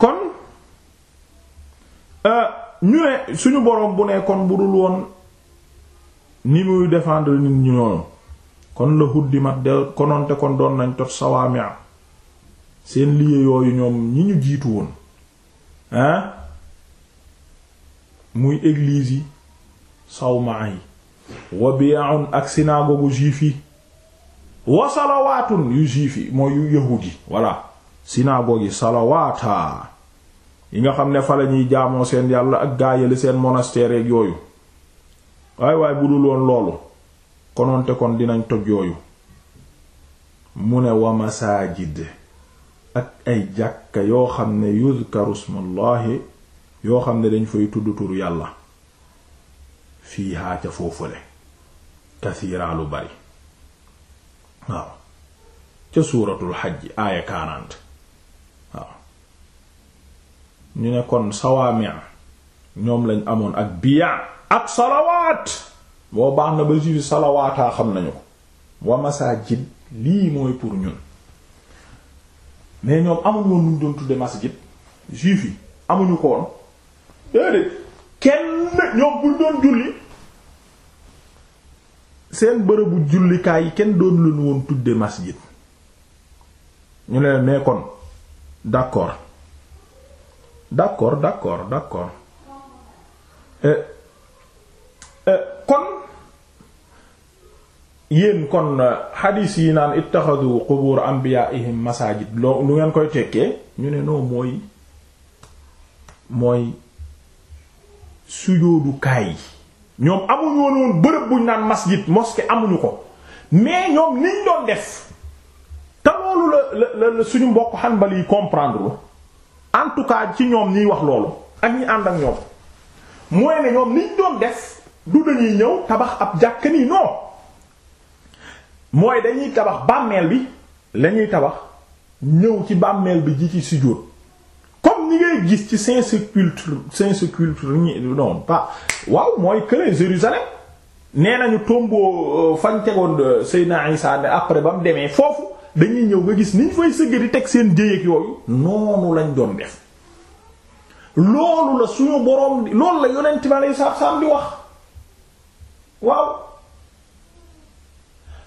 kon euh, ñu ne suñu boroom bu ne kon bu dul woon ni muy défendre nit ñu noonu kon la huddimat de kononte kon doon nañ tot sawaamia seen lieu yooyu ñoom ñi ñu jiitu woon ah muy église yi sawmaa yi wa biyaun ak synagogue juif yi wa salawaatun yu juif yi mooy yu yahuud yi voilà synagogue yi salawaata yi nga xam ne fa la ñuy jaamoo seen yàlla ak gaayali seen monastère yooyu waay waay bu dul woon loolu kononte kon dinañ toj yooyu mu ne wa masaajid ak ay jàkka yoo xam ne yuzkaru smullahi yoo xam ne dañ fay tudd tur yàlla fiihaa ca foofale kasiiraa lu bari waaw ca suuratul xajj aaya 40 waaw ñu ne kon sawaami' ñoom lañ amoon ak biyaa ak salawaat moo baax na ba juif salawaataa xam nañu ko wa masajid lii mooy pour ñun mais ñoom amuñ woon nuñ doon tudde masjid juif yi amuñu ko woon déedéet kenn ñoom buñ doon julli seen bërëbu jullikaay yi kenn doon leen woon tudde masjid ñu leen mais kon d'accord d'accord d'accord eh, Euh, kon yéen kon xadiis euh, yi naan ittaxadu qubur anbiyaa'ihim masajid loo lu ngeen koy tekkee ñu ne non mooy mooy sujoodukaay yi ñoom amuñu woon woon bërëb buñ naan masjid mosquée amuñu ko mais ñoom niñ doon def te la la la suñu mbokk xanbal yi comprendre lu en tout cas ci ñoom ñiy wax loolu ak ñi ànd ak ñoom mooy ne ñoom niñ doon def du dañuy ñëw tabax ab jàkk nii non mooy dañuy tabax bàmmeel bi lañuy tabax ñëw ci bàmmeel bi ji ci sujjóot comme ni ngay gis ci saint sépulcre saint sépulcre non pa waaw mooy kële Jérusalem nee nañu tombeau fañ tegoon euh, Seydina Isa ne après ba mu demee foofu dañuy ñëw nga gis niñ fay sëgg di teg seen jéyeeg yooyu noonu lañ doon def loolu la suñu boroom loolu la yonent bi alayhi salaam di wax waaw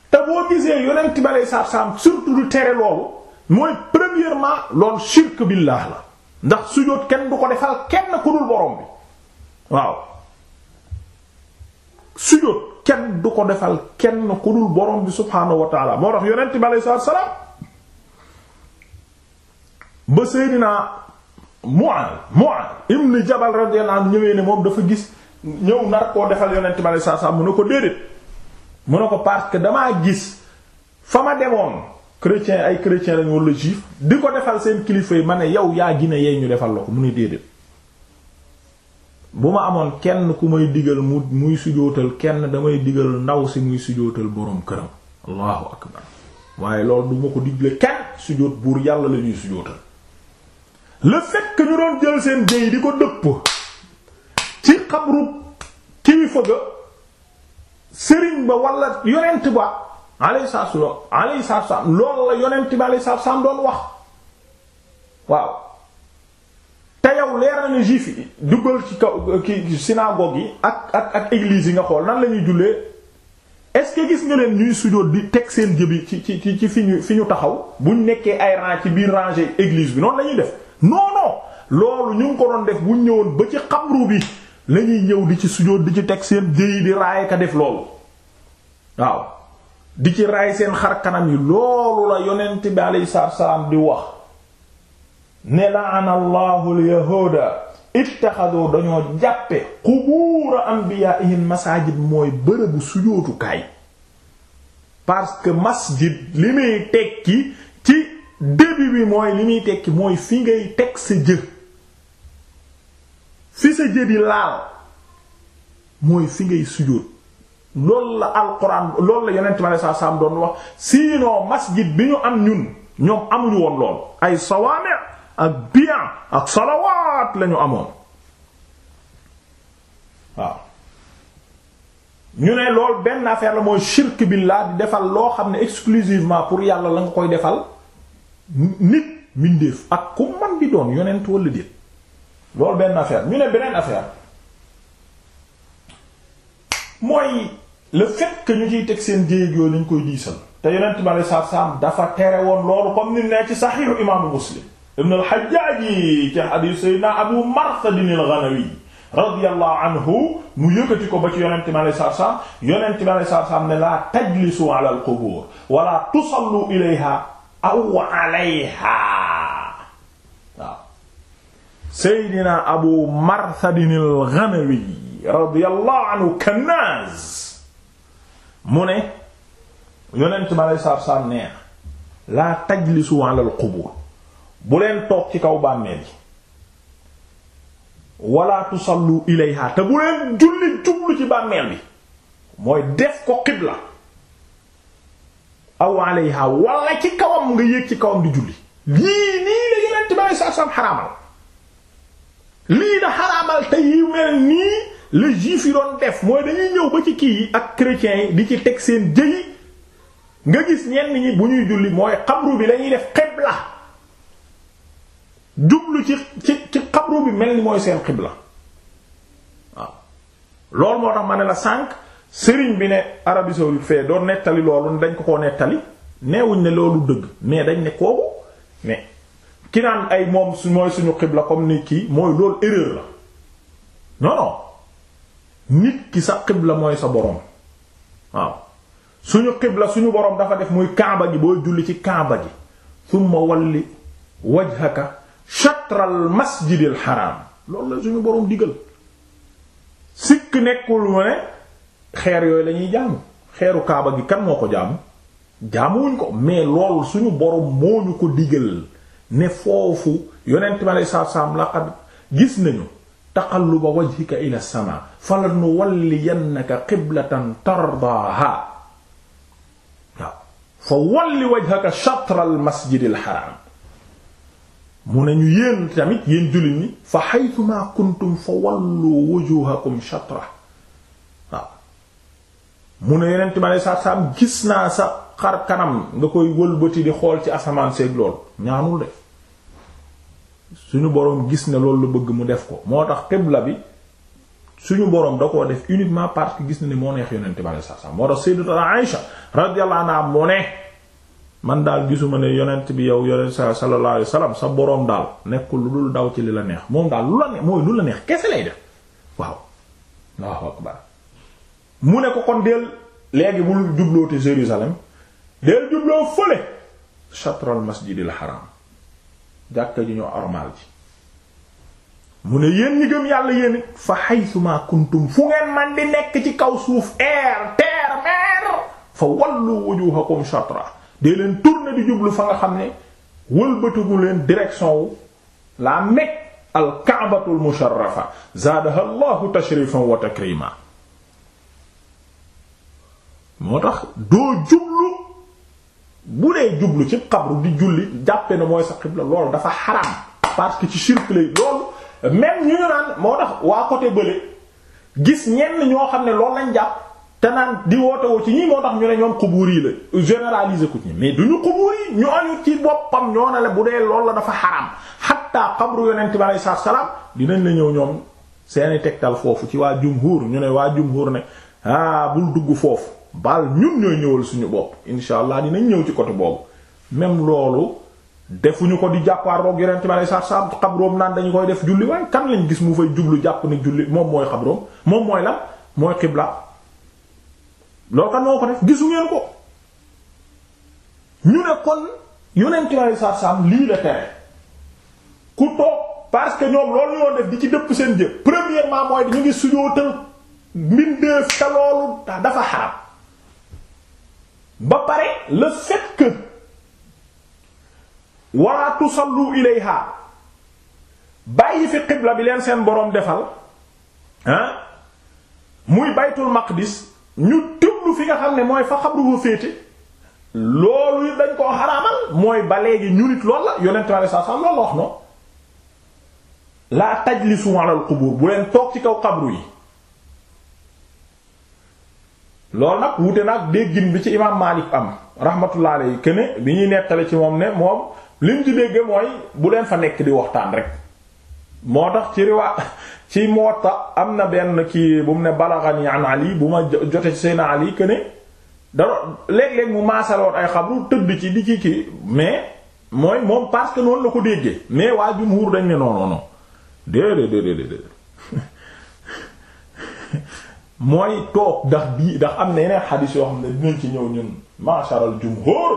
te boo gisee yonent bi aleyhi salaatu salaam surtout du tere loolu mooy premièrement loolu shirk billah la ndax sujóot kenn du ko defal kenn ku dul borom bi waaw sujóot kenn du ko defal kenn ku dul borom bi subhaanahu wa taala moo tax yonent bi aleyhi salaam ba Seydina Mu'aaz Mu'aaz ibn Jabal radiyallahu anhu ñëwee ne moom dafa gis. ñëw nar koo defal yonent bi saa saa mu ne ko déedéet mu ne ko parce que damaa gis fa ma demoon chrétien ay chrétien lañu walla di ko defal seen kilifa yi ma ne yow yaa gine yey ñu defal la ko mu ne amoon kenn ku may digal mu muy sujootal kenn damay digal ndaw si muy sujootal boroom këram allahu akbar loolu du ko digle kenn sujoot buur yàlla la ñuy sujootal le ñu doon jël seen déy di ko dëpp ci xabru kilifa ga sëriñ ba wala yonent ba alayhi salaatu wa salaam salaam loolu la yonent ba alayhi salaatu salaam doon wax waaw te yow leeral na juif yi duggal ci kaw ki synagogue yi ak ak ak église yi nga xool nan la ñuy jullee est-ce que gis nga leen ñuy sujjóot di teg seen jëbi ci ci ci ci fi ñu fi ñu taxaw bu buñ nekkee ay rang ci biir rangée église bi noonu lañuy def non loolu ñu ngi ko doon def buñ ñëwoon ba ci xabru bi lañuy ñëw di ci sujjóot di ci teg seen jëyi di raay ka def loolu waaw di ci raay seen xar kanam yi loolu la yonent bi alayhi salaam di wax ne la'ana allahu alyahuuda ittaxadoo dañoo jàppe qubuura anbiyaa'ihim masaajid mooy bërëbu sujjóotukaay parce que masjid li muy tekki ci début bi mooy li muy tekki mooy fi ngay teg sa jë fi sa jëbi laal mooy fi ngay sujjóot loolu la alquran loolu la yonent mi saa saam doon wax sinon masjid bi ñu am ñun ñoom amuñu woon lool ay sawaami ak biyan ak salawaat lañu amoon waaw ñu ne lool benn affaire la mooy shirk billah di defal loo xam ne exclusivement pour yàlla la koy defal nit mbindeef ak ku man di doon yonent walla déet loolu benn affaire ñu ne beneen affaire mooy le fait que ñu ciy teg seen jéeg yooyu nañ koy diisal te yonent bi alei satu salaam ne ci saxiixu imaamu muslim ibn al-Hajjaj ci hadiis sayyidina Abu Marsad al-Ghanawi radiyallahu anhu mu yëkkati ko ba ci yonent bi alei satu salaam yonent bi alei satu ne laa tajlisu ala al wala tusallu ilayha aw alayha seydina abu marthadinil ghanawi radiyallahu anhu mu ne yonent ma lay saab nee na laa tajlisu ala al bu leen toog ci kaw bàmmeel yi wala tusallu ilayha te bu leen julli jublu ci bàmmeel bi mooy def ko xibla aw alayha wala ci kawam nga yéeg ci kawam di julli lii nii la yonent ma lay saab xaraamal lii da xaraamal te yu mel nii la juif yi doon def mooy dañuy ñëw ba ci kii yi ak chrétiens yi di ci teg seen jëyi nga gis ñenn ñi bu ñuy julli mooy xabru bi lañuy def xibla jublu ci ci ci xabru bi mel ni mooy seen xibla waaw loolu moo tax ma ne la sànq sëriñ bi ne Arabie saoudite fee doon nettali loolu dañ ko ko nettali neewuñ ne loolu dëgg mais dañ ne kooku mais ki naan ay moom su mooy suñu xibla comme ni kii mooy loolu erreur la non non nit ki sa xibla mooy sa borom waaw suñu xibla suñu borom dafa def muy kaaba gi boo julli ci kaaba gi thumma walli wajhaka shatral masjidil haram lool la suñu borom digal sikk nekkul mu ne xeer yooyu lañuy jaamu xeeru kaaba gi kan moo ko jaamu jaamuwuñ ko mais loolu suñu borom moo ñu ko digal ne foofu yonent mi aleyhi salaatu salaam laqad gis nañu taqalluba wajhika ila sama falanuwalliyannaka qiblatan tardaaha fa walli wajhaka shatral masjidil haram mu ne ñu yéen tamit yéen jullit ñi fa haythuma kuntum fa wallu wujuhakum shatra mu ne yonent mi aleyhi salaatu gis naa sa xar kanam nga koy wëlbati di xool ci asamaan seeg lool ñaanul de suñu boroom gis ne loolu la bëgg mu def ko moo tax xibla bi suñu boroom da koo def uniquement parce que gis ni moo neex yonent bi alayhi salaam moo tax sayyidatuna Aïsha radiyallahu anha mu ne man daal gisuma ne yonent bi yow yonent sallallahu alayhi sa boroom daal nekkul lu dul daw ci li la neex moom daal lu la neex mooy lu la neex kese lay def waaw mu ne ko kon del léegi bul jubloo te Jérusalem del jubloo fële shatrul masjidil haram jàkka ju ñu ormal ji mu ne yéen ñi gëm yàlla yéen fa haythuma kuntum fu ngeen man di nekk ci kaw suuf air terre mer fa wallu wujuhakum shatra dee leen tourner di jublu fa nga xam ne wëlbatiku leen direction wu la Mecque al kaabatu al musharrafa zaadaha allahu tashrifan wa moo tax doo jublu bu dee jublu ci xabru di julli jàppe na mooy sa xibla loolu dafa xaraam parce que ci shirk lay loolu même ñu ñu naan moo tax waa côté bële gis ñenn ñoo xam ne loolu lañ jàpp te naan di woote woo ci ñii moo tax ñu ne ñoom xubuur yi la généraliser ko ci mais duñu xubuur yi ñu añu ci boppam ñoo na la bu dee loolu la dafa xaraam xatta xabru yonent bi alayhi salaam dinañ la ñëw ñoom seeni tegtal foofu ci waa jumhur ñu ne waa jumhur ne ah bul dugg foofu baal ñun ñooy ñëwal suñu bopp incha allah dinañ ñëw ci côté boobu même loolu defuñu ko di jàppaaroog yeneen ci ma ne sax sax xabroom naan dañu koy def julli waaye kan lañ gis mu fay jublu jàpp ni julli moom mooy xabroom moom mooy la mooy xibla loolu kan moo ko def gisu ngeen ko ñu ne kon yeneen ci ma ne lii la tere ku toog parce que ñoom lool ñoo di ci dëpp seen jëf premièrement mooy ñu ngi sujootal mbindeef te loolu dafa xarab ba pare le fait que wala tusallu ilayha bàyyi fi xibla bi leen seen boroom defal ah muy baytul maqdis ñu tublu fi nga xam ne mooy fa xabru féete loolu yi dañ koo xaraamal mooy ba léegi ñu nit lool la yonent bi saa saa loolu wax noonu laa tajlisu ala al qubur bu leen toog ci kaw xabru yi loolu nag wuute nag déggin bi ci imaam Maalik am rahmatullah alayhi këne bi ñuy nettale ci moom ne moom lim ci dégg mooy bu leen fa nekk di waxtaan rek moo tax ci riwaa ci Muwatta am na benn kii bu mu ne balaghani an Ali bu ma jote ci seyna Ali këne dara léeg-léeg mu maasaloon ay xabru tëdd ci di ci kii mais mooy moom parce que noonu la ko déggee mais waa jumhuur dañ ne non déedéet déedéet mooy toog ndax bii ndax am na yeneen xadis yoo xam ne dinañ ci ñëw ñun masharal jumhur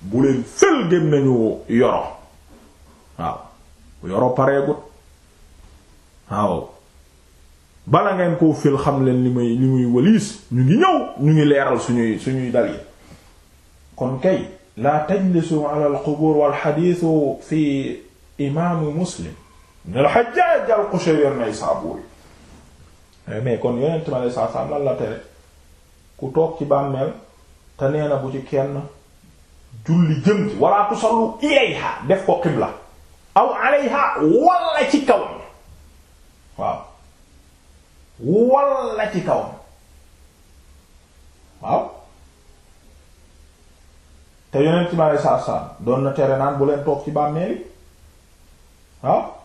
bu leen fël gën nañu yoro waaw yoro pareegut waaw bala ngeen koo fël xam leen li muy li waliis ñu ngi ñëw ñu ngi leeral suñuy suñuy dal yi kon kay laa tajlisu ala al qubur wal xadiisu fi imaamu muslim ne al xajjaaj al qushayri an-naysaburi Eh, mais kon yonent ma saa saa lan la tere ku toog ci bàmmeel te nee na bu ci kenn julli jëm ci wala tusallu ilayha def ko xibla aw alayha walla ci kaw waaw waaw te yonent ma saa saa doon na tere naan bu leen toog ci bàmmeel waaw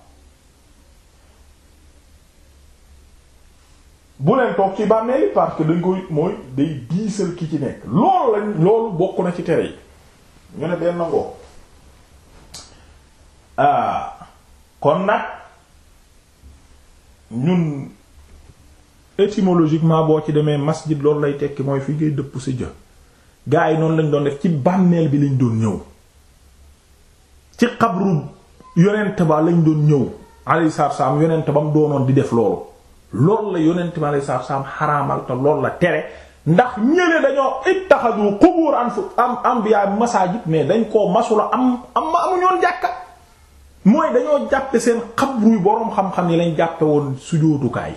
bu leen toog ci bàmmeeli parce que dañ koy mooy day diisal ki ci nekk loolu lañ loolu bokk na ci tere yi ñu ne benn ngoo ah, kon nag ñun étymologiquement boo ci demee masjid loolu lay tekki mooy fii ngay dëpp sa jë gaa yi noonu lañ doon def ci bànneel bi lañ doon ñëw ci xabru yonent ba lañ doon ñëw alayhi salaam yonent ba mu doonoon di def loolu loolu la yonent bi alayhi salaatu salaam xaraamal te loolu la tere ndax ñële dañoo ittaxadu qubuur an fu am am anbiya masaajid mais dañ koo masula am am ma amuñoon jàkka mooy dañoo jàppe seen xabruy boroom xam-xam yi lañ jàppe woon sujjóotukaay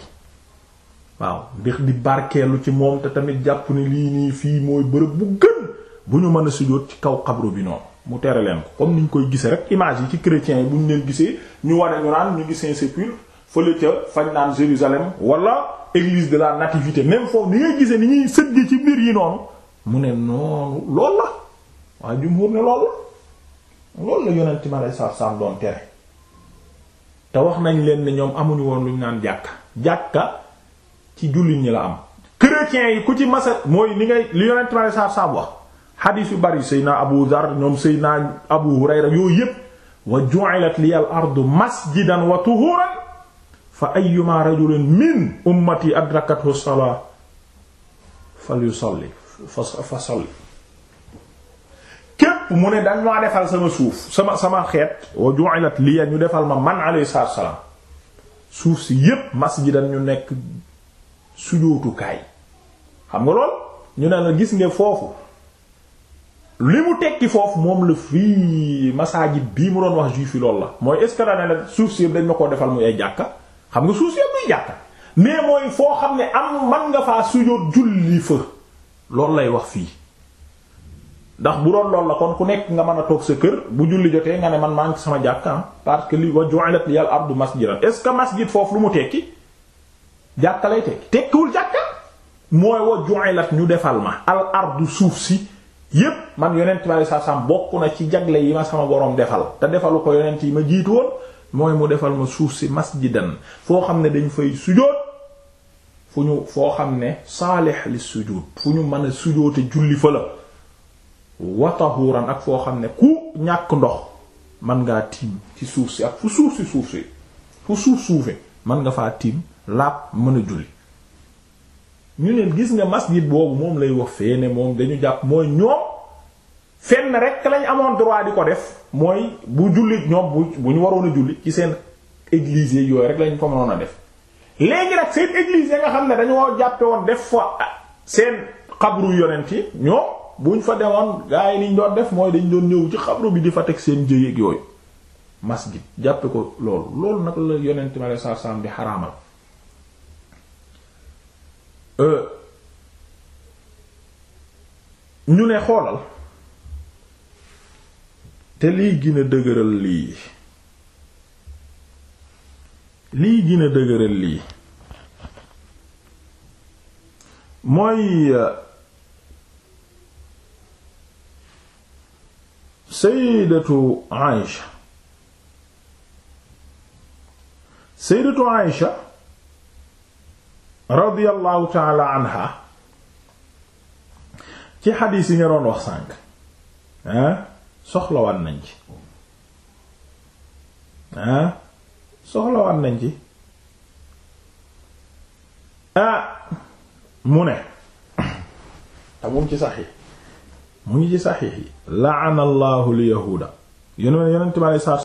waaw ndax di barkeelu ci moom te tamit jàpp ni lii nii fii mooy bërëb bu gën bu ñu mën a sujjóot ci kaw xabru bi noonu mu tere leen ko comme ñu koy gisee rek image yi ci chrétiens yi bu ñu leen gisee ñu waree ñu naan ñu fële ca fañ naan Jérusalem wala église de la nativité même foofu ni ngay gisee ni ñuy sëgge ci mbir yi noonu mu ne noonu lool la waaye jumhur ne lool la loolu la yonent mi aleyhi doon tere te wax nañ leen ne ñoom amuñu woon lu ñu naan jàkka jàkka ci jullit ñi la am chrétiens yi ku ci masa mooy ni ngay li yonent mi aleyhi salaatu salaam wax xadiis yu bari Seydina Abu Dar ñoom Seydina Abu Hurayra yooyu yépp wa ju'ilat liyal ardu masjidan wa tuhuran fa ayyuma rajulin min ummati adrakathu salaa falyusalli fa salli képp mu ne dañ maa defal sama suuf sama sama xeet wa ju'ilat liya ñu defal ma man alayhi suuf si yépp masjidan ñu nekk sujootukaay xam nga lool gis nga foofu mu tekki foofu moom la fii masaajid bii mu doon wax juif yi lool la mooy est-ce que dañ la suuf si yépp dañ ma koo defal muy ay jàkka xam nga suuf si yëpp luy jàkka mais mooy foo xam ne am man nga faa sujjóot julli fa loolu lay wax fii ndax bu doon lool la kon ku nekk nga mën a toog sa kër bu julli jotee nga ne man maa ngi sama jàkka parce que li wa ju'ilat liyal ardu masjidan est ce que masjid foofu lu mu tekki jàkka lay tekki tekkiwul jàkka mooy wa ju'ilat ñu defal ma al ardu suuf si yépp man yonent bi sallallahu alayhi wasallam bokk na ci jagle yi ma sama borom defal te defalu ko yonent yi ma jiitu mooy mu defal ma suuf si masjidan foo xam ne dañ fay sujoot fu ñu foo xam ne saalih li fu ñu mën a sujoote julli fa la watahuran ak foo xam ne ku ñàkk ndox man ngaa tiim ci suuf si ak fu suuf si suuf suuf suufe man nga faa tiim laab mën a julli ñu ne gis nga masjid boobu moom lay wax fee ne moom dañu jàpp mooy ñoom fenn rek lañ amoon droit di ko def mooy bu jullit ñoom bu bu ñu waroon a julli ci seen église yooyu rek lañ ko mënoon a def léegi nag seen église nga xam ne dañoo jàppe woon def fa seen xabru yonent yi ñoom buñ fa demoon gaa liñ doon def mooy dañ doon ñëw ci xabru bi di fa teg seen jëy ak yooyu masjid jàppe ko loolu loolu nag la yonent mi alei satu bi xaraamal euh, ñu ne xoolal te lii gën a dëgëral lii lii gën a dëgëral lii mooy euh, sayyidatu Aïsha sayyidatu Aïsha radiyallahu ta'ala anha ci xadiis yi nga doon wax sànq ah soxlawaan nañ ci ah soxlawaan nañ ci ah mu ne te ah, mu ci saxiix mu ngi ci saxiix yi la'ana allahu al yahuuda yonent